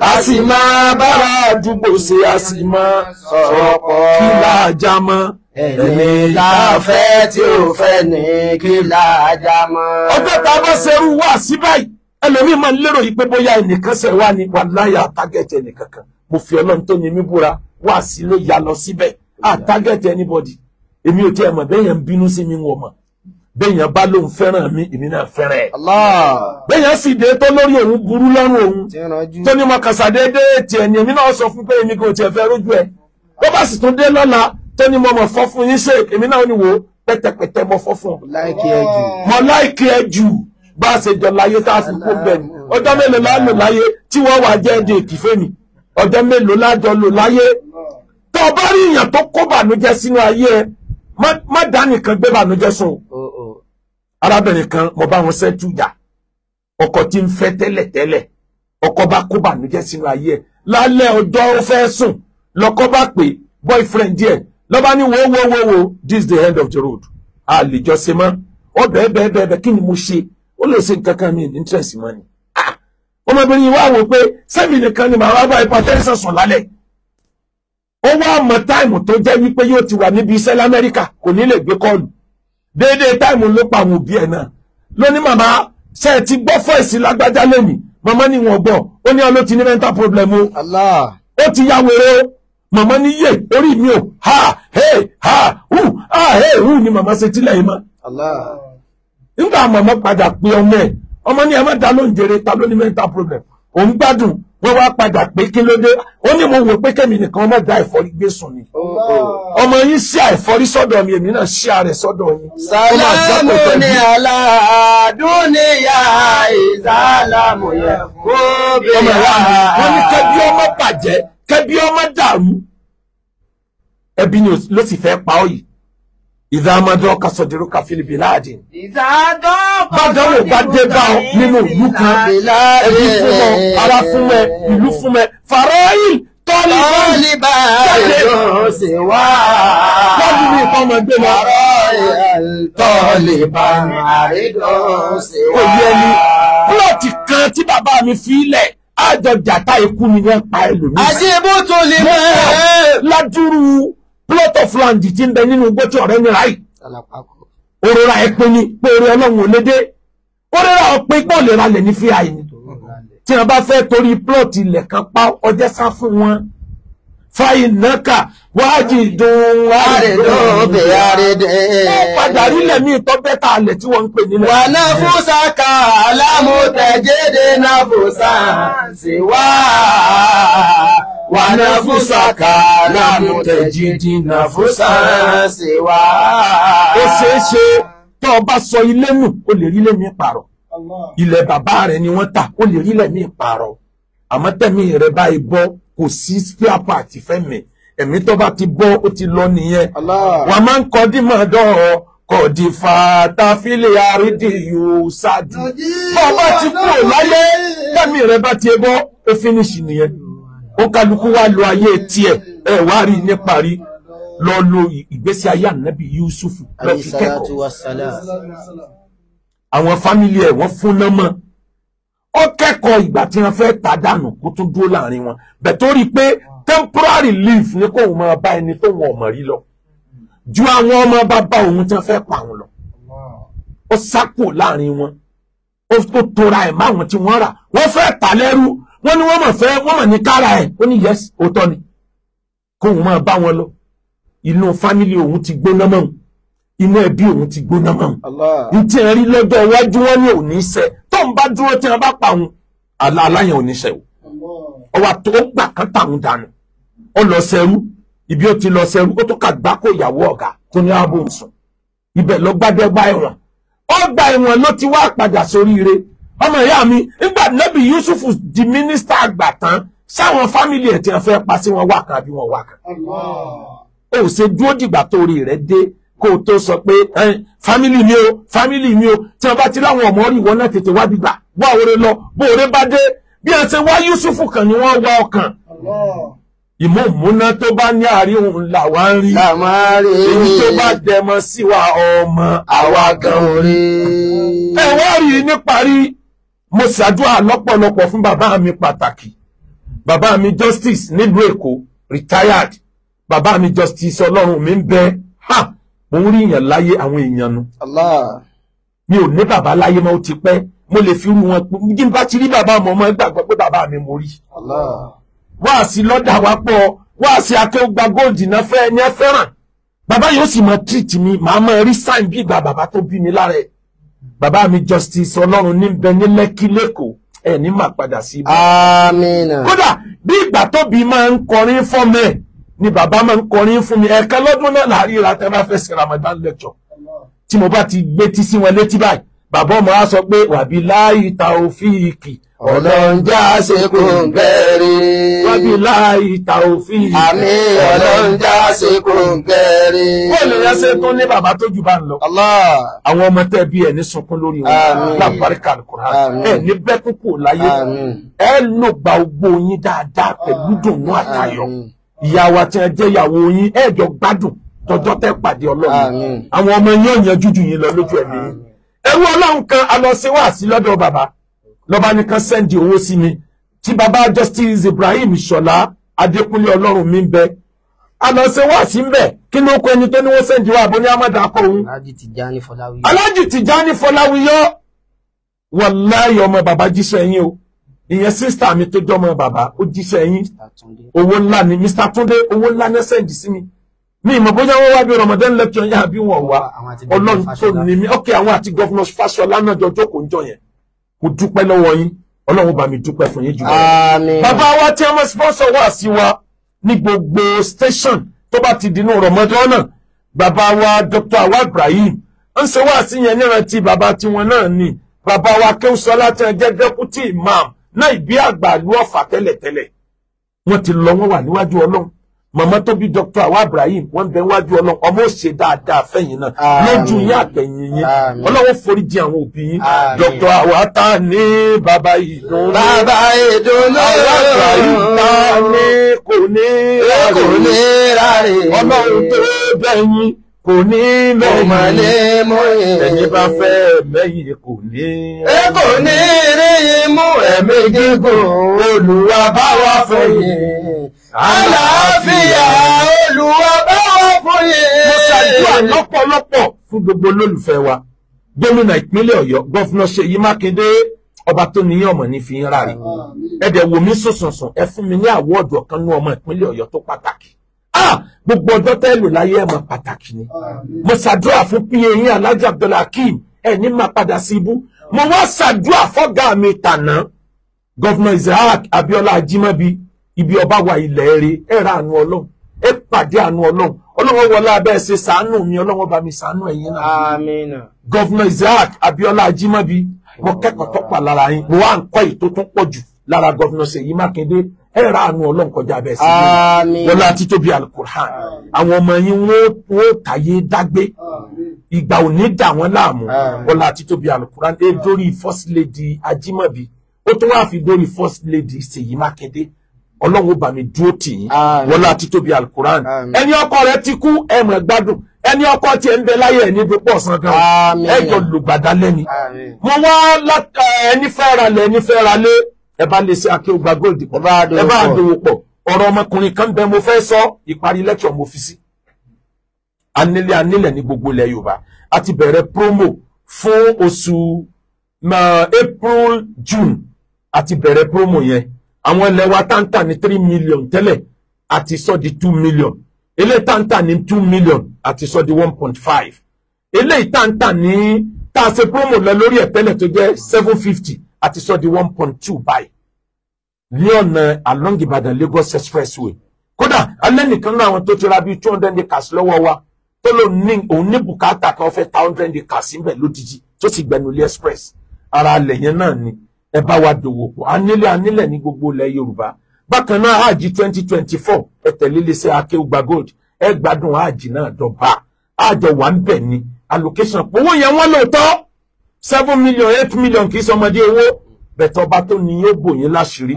a sì máa bára àdúgbò ṣe a sì máa sọ̀rọ̀ pọ̀ kí láàjá mọ́ ẹni láàfẹ́ tí ò fẹ́ ni kí láàjá mọ́. ọjọ́ tá a bá ṣerú wá sí báyìí ẹlòmíín máa ń lérò yìí pé bóyá ẹnìkan ṣẹ̀ wá ní wàláyà àtàgẹ̀jẹ̀ nìkankan mo fi ọlọ́run tó ní mí búra wá sí ló yà lọ síbẹ̀ àtàgẹ̀jẹ̀ anybody èmi ò tiẹ̀ mọ̀ bẹ́ẹ̀ yẹn ń bínú sí mi wọ̀ mọ̀ béèyàn bá lóun fẹ́ràn mi èmi náà fẹ́ràn ẹ̀. béèyàn sì dé tó lórí òun burú lọ́rùn òun tó ní mo kàṣà déédéé tiẹ̀ ni èmi náà sọ fún pé èmi kò tiẹ̀ fẹ́ rójú ẹ̀ tó bá sì tún dé lọ́la tó ní mo mọ̀ fọ́ fún yín ṣe èmi náà ní wò ó pẹ́tẹ́pẹ́tẹ́ mo fọ́ fún ọ. mo láìkí ẹ jù bá a ṣe jọ láyé tá a fi kó bẹ̀ ni ọjọ́ mélòó la lò láyé tí wọ́n wàá jẹ́ ẹ̀dẹ̀ ìkìfẹ́ mi ọjọ́ mélòó la má dá nìkan gbé bànújẹ́ sùn o. Oh arábìnrin kan mo bá wọn ṣẹ́jú dà ọkọ tí ń fẹ́ tẹ́lẹ̀tẹ́lẹ̀ ọkọ bá kó bànújẹ́ sínú ayé ẹ̀ lálẹ́ ọjọ́ ó fẹ́ sùn lọ́kọ bá pè boyfriend díẹ̀ lọ́ba ní wo wo wo wo this is the end of the road a lè jọ ṣe mọ́ ọ bẹ́ẹ̀ bẹ́ẹ̀ bẹ́ẹ̀ bẹ́ẹ̀ kí ni mo ṣe ó lè ṣe nǹkan mi interest mọ́ ni ọmọbìnrin yìí wá wò pé sẹ́mi nìkan ni màá bá hypertension sùn lálẹ́ ó wá mọ táìmù tó jẹ́ wípé yóò ti wà níbi iṣẹ́ lamẹ́ríkà kò ní lè gbé kọ́ọ̀lù déédéé táìmù ló pa àwọn òbí ẹ̀ náà lóní màmá ṣe ti gbọ́ fọ́ìsì lágbájá lẹ́nu màmá ni wọ́n gbọ́ ó ní ọlọ́tí ní mental problem o ó ti ya wèrè o màmá ní yé orí mi o ha he ha hu ha he hu ni màmá ṣe tílẹ̀ yìí mọ́ nígbà màmá padà pé ọmọ ẹ̀ ọmọ ni ẹ má dá lóúnjẹ rẹ ta ló ní mental problem òun gbádùn wọ́n wá padà pé kí ló dé ó ní mo wò pé kémi nìkan má da ẹ̀fọ́rí gbé sùn ni oh, oh. ọmọ yín sí àìfọ́rí sọ́dọ̀ mi èmi náà sí ààrẹ sọ́dọ̀ yín. sàlámù ní aládùnìyà ìsàlámù yẹn kó bẹ̀rẹ̀ àhà. wọ́n ní kẹ́bí ọmọ bàjẹ́ kẹ́bí ọmọ dàrú ẹbí ló sì fẹ́ pa ọ́ yìí ìdá amadọ́ ka sọ̀dẹ̀rọ̀ ka fili bìláàdì. bàdánwò bá dé bá ọ nínú ìlú kan ẹbí fún ọ ara fún ẹ ìlú fún ẹ farail tọ́lí bá jáde lọ́dún ní ìkọ́ ọmọ ẹgbẹ́ lọ. tọ́lí bá àrídọ́ sí wá. òye ẹni plọ̀tì kan tí bàbá mi fi lẹ̀ àjọ jàtá ikú mi yẹn pa ẹlòmíràn. àṣìbùtù lè mọ̀ ẹ́. ládùrú plot of land ti ń bẹ nínú gbọ́tí ọ̀rẹ́ nira yìí òrora ẹ̀pin ni pé orí ọlọ́run ò lédè òrora ọ̀pin pọ̀ lè ralẹ̀ ní fi àyè tí wọn bá fẹ́ torí plot ilẹ̀ kan pa ọjẹ́ sá fún wọn fàyínàkà wájì dùn àrídùn bèèrèdè. ó padà rílẹ̀ míì tó bẹ́ta alẹ̀ tí wọ́n ń pè nílẹ̀. wà náà fúnṣà ká alámùtẹ̀jẹ́dẹ́ náà fúnṣà sí wá wanafusaka na mutẹjidi na ṣe wá. ó ṣeé ṣe tó o bá sọ ilé nù o lè rí lẹ́mí pààrọ̀ ilẹ̀ bàbá rẹ̀ ni wọ́n tà o lè rí lẹ́mí pààrọ̀ àmọ́ tẹ̀mí rẹ̀ báyìí bọ́ kò sí spare part fẹ́mi ẹ̀mí tó bá ti bọ́ ó ti lọ nìyẹn wàá máa ń kọ́ dímọ̀ dọ́ọ̀ fàtàfílẹ̀ àrídì ṣáájú bọ́ bá ti kúrò láyé tẹ̀mí rẹ̀ bá ti bọ́ ó fínísì nìyẹn ó kálukú wá lo ayé tiẹ̀ ẹ wá rí níparí lọ lo ìgbésí ayé ànábì Yusuf lọ fi kẹ́kọ̀ọ́ àwọn fámìlì ẹ̀ wọ́n fún náà mọ́ ó kẹ́kọ̀ọ́ ìgbà tí wọ́n fẹ́ tà dànù kó tún dúró láàrin wọn bẹ̀ torí pé temporary leave ni kóun máa bá ẹni tóun ọmọ rí lọ ju àwọn ọmọ bàbá òun tí wọ́n fẹ́ pa òun lọ ó sápò láàrin wọn ó tóra ẹ̀ máwọn tí wọ́n rà wọ́n fẹ́ tà lẹ́rú wọ́n ní wọ́n mọ̀ fẹ́ wọ́n mọ̀ ní kára ẹ̀ ó ní yẹ́sì òótọ́ ni kóun máa bá wọn lọ inú fámílì òun ti gbóná mọ́ òun inú ẹbí òun ti gbóná mọ́ òun ntí ẹ rí lọ́jọ́ iwájú wọn ní òní ṣẹ tó ń bá dúró tí wọn bá pa òun àlá aláyàn òní ṣẹ o ọwọ́ àti ó gbà kán tàwọn dànù ó lọ sẹ́rú ibi ó ti lọ sẹ́rú ó tó kà gbá kó ìyàwó ọ̀gá tó ní ààbò sùn ibẹ̀ lọ gbádẹ́gbá ẹ̀wọ̀n ọgbà ẹ̀wọ̀n ló ti wá padà sóríire ọmọ ìyá mi nígbà nẹ́bí Yusuf di mínísítà àgbà tán sáwọn fámìlì ẹ̀ tí wọ́n fẹ́ pa sí wọn wà kan àbí wọn wà kan. ó ṣe dúró dìgbà tó rí rẹ̀ dé kó o tó sọ pé fámìlì mi o fámìlì mi o tí wọ́n bá ti láwọn ọmọ rí ìwọ náà tètè wá gbígbà wá òre lọ bó òre bá dé bí ẹ ṣe wá Yusuf kan ni wọ́n wá ọkàn ìmúmúná tó bá ní àárín òun làwa ń rí èyí tó bá dẹmọ sí wa ọmọ àwa gan orí ẹ wá rí i níparí mo ṣàdúrà lọ́pọ̀lọpọ̀ fún bàbá mi pàtàkì bàbá mi justice nílùú èkó retired bàbá mi justice ọlọ́run mi ń bẹ ha mo ń rí èèyàn láyé àwọn èèyàn nu mi ò ní bàbá láyé mọ́ ó ti pẹ́ mo lè fi rú wọn pé bí n bá ti rí bàbá mi ọmọ gbàgbọ́ pé bàbá mi mo rí wá sí lọ́dà wá pọ̀ wá sí akéwùgbà góòdì náà fẹ́ ẹni ẹ fẹ́ràn bàbá yóò sì mọ tírìtì mi màá mọ rí sáìn bí ìgbà bàbá tó bí mi lára ẹ̀ bàbá mi justice ọlọ́run ní bẹ ní lẹ́kí lẹ́kọ̀ọ́ ẹ̀ ní mà padà sí ibà. amina. kódà bí ìgbà tóbi máa ń kọrin fún mi ni bàbá máa ń kọrin fún mi ẹ̀ẹ̀kan lọ́dún náà láàrin ìlà tẹ́ bá fẹ́ ṣe Ramadan lecture tí mo bá ti gbé tí sí wọn létí báyìí bàbá ọmọ á sọ pé wàbí láì ta òfíìkì ọ̀nà ń já ṣe kò ń gẹ̀rẹ́. wàbí láì ta òfíìkì. àmì ọ̀nà ń já ṣe kò ń gẹ̀rẹ́. bó lè yẹn ṣe tún ní bàbá tó jù bá ń lọ. àwọn ọmọ tẹ bí ẹ sunkún lórí wọn lábàríkà kura ẹ ní bẹ́ẹ̀ kúkú láyé ẹ lò gba ogbó yín dáadáa pẹ̀lú dùnú àtayọ̀ ìyàwó àti ẹjẹ́ yín ẹ jọ gbádùn tọjọ́ tẹ́ pàdé Ọlọ́run àwọn ọmọ yín ò ẹrú ọlọ́run kan a lọ ṣe wáàsí lọ́dọ̀ bàbá lọ́ba nìkan sẹ́ndì owó sí mi tí bàbá justice ibrahim ṣọlá adékúnlé ọlọ́run mi ń bẹ a lọ ṣe wáàsí ń bẹ kí ló kọ ẹni tó ní wọ́n sẹ́ndì wá àbọ̀ ní amadu akọ òun alájì tìjáni fọláwíyọ wàláyé ọmọ bàbá jíṣẹ́ yín o ìyẹn sísítà mi tó jọmọ bàbá ó jíṣẹ́ yín owó ńlá ni mr Tunde owó ńlá ní sẹ́ndì sí mi Ni ìmọ̀ bóyá wọ́n wá bí Ramadan lecture yá bí wọ́n wá ọlọ́run tó ní mi ok àwọn àti gọ́fúnà Fáṣọlá náà jọjọ́ kò ń jọ yẹn kò dúpẹ́ lọ́wọ́ yín ọlọ́run bá mi dúpẹ́ fún yín jù lọ. bàbá wa tí wọ́n sponsor wá sí wa ní gbogbo station tó bá ti dínú Ramadan náà bàbá wa Dr. Awa Ibrahim ń ṣe wá sí yẹn nírántí bàbá tiwọn náà ni bàbá wa Kéwúsọlá tí wọ́n jẹ́ deputy imam náà ìbí àgbà lọ́ọ̀fà tẹ́lẹ̀tẹ́lẹ̀ wọ́n ti lọ wọ́n wà níwájú ọlọ́run màmá tó bí dr awa ibrahim wọn bẹ wájú Ọlọ́run ọmọ ò ṣe dáadáa fẹ̀yìn náà lójú yín àtẹ̀yìn yín Ọlọ́run forí jì àwọn òbí yín dr awa ta ní bàbá ìdùnnú bàbá ìdùnnú awa ibrahim ta ní kò ní rárẹ Ọlọ́run tó bẹyìn kò ní mẹ́yìn ẹ̀yin bá fẹ́ mẹ́yìn kò ní. ẹ kò ní rí imú ẹ̀mí gígùn Olúwa bá wa fẹ̀yìn àlàáfíà olùwà báwa fún yìí. mo ṣàdúrà lọ́pọ̀lọpọ̀ fún gbogbo olólùfẹ́ wa gómìnà ìpínlẹ̀ ọ̀yọ́ gọ́fúnà ṣèyí mákindé ọba tó níyàn ọmọ ní fi ń rà rè ẹ̀dẹ̀ wò mí sùnsùnsùn ẹ fún mi ní àwọ́ọ̀dù ọ̀kan ní ọmọ ìpínlẹ̀ ọ̀yọ́ tó pàtàkì gbogbo ọjọ́ tẹ́ lò láyé ẹ̀ mọ̀ pàtàkì ni mo ṣàdúrà fún pa eyín alájà abdulhakeem ẹ̀ ní máa padà sí ibú mo wá ṣàdúrà fọ́gà mi tàná gọ́fúnà Israel abiola ajimobi ibi ọba wa ilẹ̀ rẹ̀ ẹ àánú ọlọ́run ẹ pàdé àánú ọlọ́run ọlọ́run wọlé abẹ́ ẹ ṣe sàánú mi ọlọ́run bá mi sàánú ẹ̀yin náà. gọ́fúnà Isaac Abíọ́lá Ajímọ́bi mo kẹ́kọ̀ọ́ tó pa lára yín mo wá ń kọ́ tó tún pọ̀ jù lára gọ́fúnà Ṣèyí Mákindé ẹ àánú ọlọ́run kọjá abẹ́ ẹ sí i wọlé àtitóbi alukur'an àwọn ọmọ yín wọ́n tàyé dágbé ìgbà ò ní dà wọ́n láàmú wọlé àtitóbi alukur'an ọlọ́run ó bá mi dúró tì yín wọlá títóbi alukuran ẹni ọkọ rẹ ti kú ẹ máa gbádùn ẹni ọkọ tiẹ̀ ń bẹ láyé ẹni bí pọ̀ san gan ẹ jọ lùgbàdá lẹ́ni mo wá ẹni fẹ́ ra lẹ̀ ẹni fẹ́ ra lé ẹ bá lè ṣe akéwògbà gold pọ̀ ẹ bá àdéhùn pọ̀ ọ̀rọ̀ ọmọkùnrin kan bẹ mo fẹ́ sọ ìparí lẹ́kṣọ̀ mo fi sí anílẹ̀ anílẹ̀ ní gbogbo ilẹ̀ Yorùbá a ti bẹ̀rẹ̀ promo fún oṣù April June a ti bẹ̀rẹ̀ promo yẹn àwọn ilẹ̀ wa táǹtà ní three million tẹ́lẹ̀ àti sọ di two million ilé táǹtà ní two million àti sọ di one point five ilé táǹtà ní tá a ṣe promo lẹ lórí ẹ̀ tẹ́lẹ̀ tó jẹ́ seven fifty àti sọ di one point two báyìí ní ọ̀nà along Ibadan Lagos expressway kódà alẹ́ nìkan náà àwọn tó ti ra bíi two hundred acres lọ́wọ́ wa tó lò ní òun ní bùkátà kan fẹ́ ta hundred acres síbẹ̀ lódìjì tó sì gbẹnulẹ̀ express ara alẹ̀ yẹn náà ni ẹ bá wa dòwò pọ̀ anílẹ̀ anílẹ̀ ní gbogbo ilẹ̀ Yorùbá bákan náà àjì twenty twenty four ẹ tẹ̀lé iléeṣẹ́ akéwùgbà gold ẹ gbádùn àjì náà dọ̀bà àjọ wà ń bẹ̀ ni allocation owó yẹn wọ́n lóòótọ́ seven million eight million kì í sọmọdé owó bẹ̀tọ̀ ọba tó ní yóò bò yín láṣìírí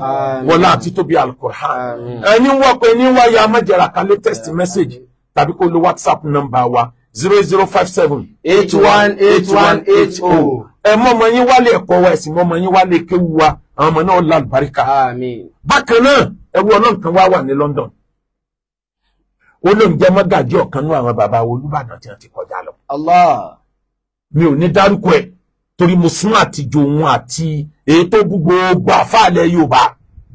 wọlá àti tóbi alukur'an ẹni wọ́pọ̀ ẹni wáyà amájẹrà kan latest message tàbí kó lo WhatsApp number wa zero zero five seven eight one eight one eight oh. ẹ mọ́mọ yín wálé ẹkọ wa ẹ̀sìn mọ́mọ yín wálé kéwu wa àwọn ọmọ náà lálùbáríkà. bákan náà ẹwú ọlọ́run wá wà ní London ó lóun jẹ́ mọ́gàjí ọ̀kan nú àwọn bàbá Olúbàdàn tí wọ́n ti kọjá lọ. mi ò ní dárúkọ ẹ! torí mo sún àtijọ́ òun àti èyí gbogbo àfáàlẹ̀ Yorùbá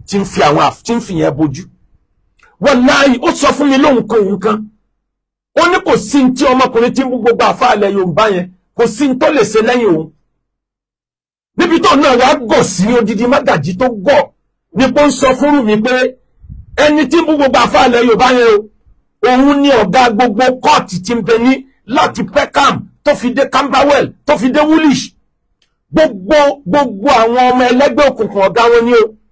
tí ń fi àwọn tí ń fi sọ fún mi kan òun kan ó ní kò sí ọmọkùnrin tí ń bú yẹn kò sí tó lè ṣe lẹ́yìn níbi tó náà wàá gọ̀ sí odidi mágàjí tó gọ̀ ni pé ń sọ fúnrú mi pé ẹni tí ń bú gbogbo àfàlẹ̀ Yorùbá yẹn o òun ni ọ̀gá gbogbo kóòtù ti ń bẹ ní láti Peckham tó fi dé Camberwell tó fi dé Woolwich gbogbo gbogbo àwọn ọmọ ẹlẹ́gbẹ́ òkùnkùn ọ̀gá wọn ni o.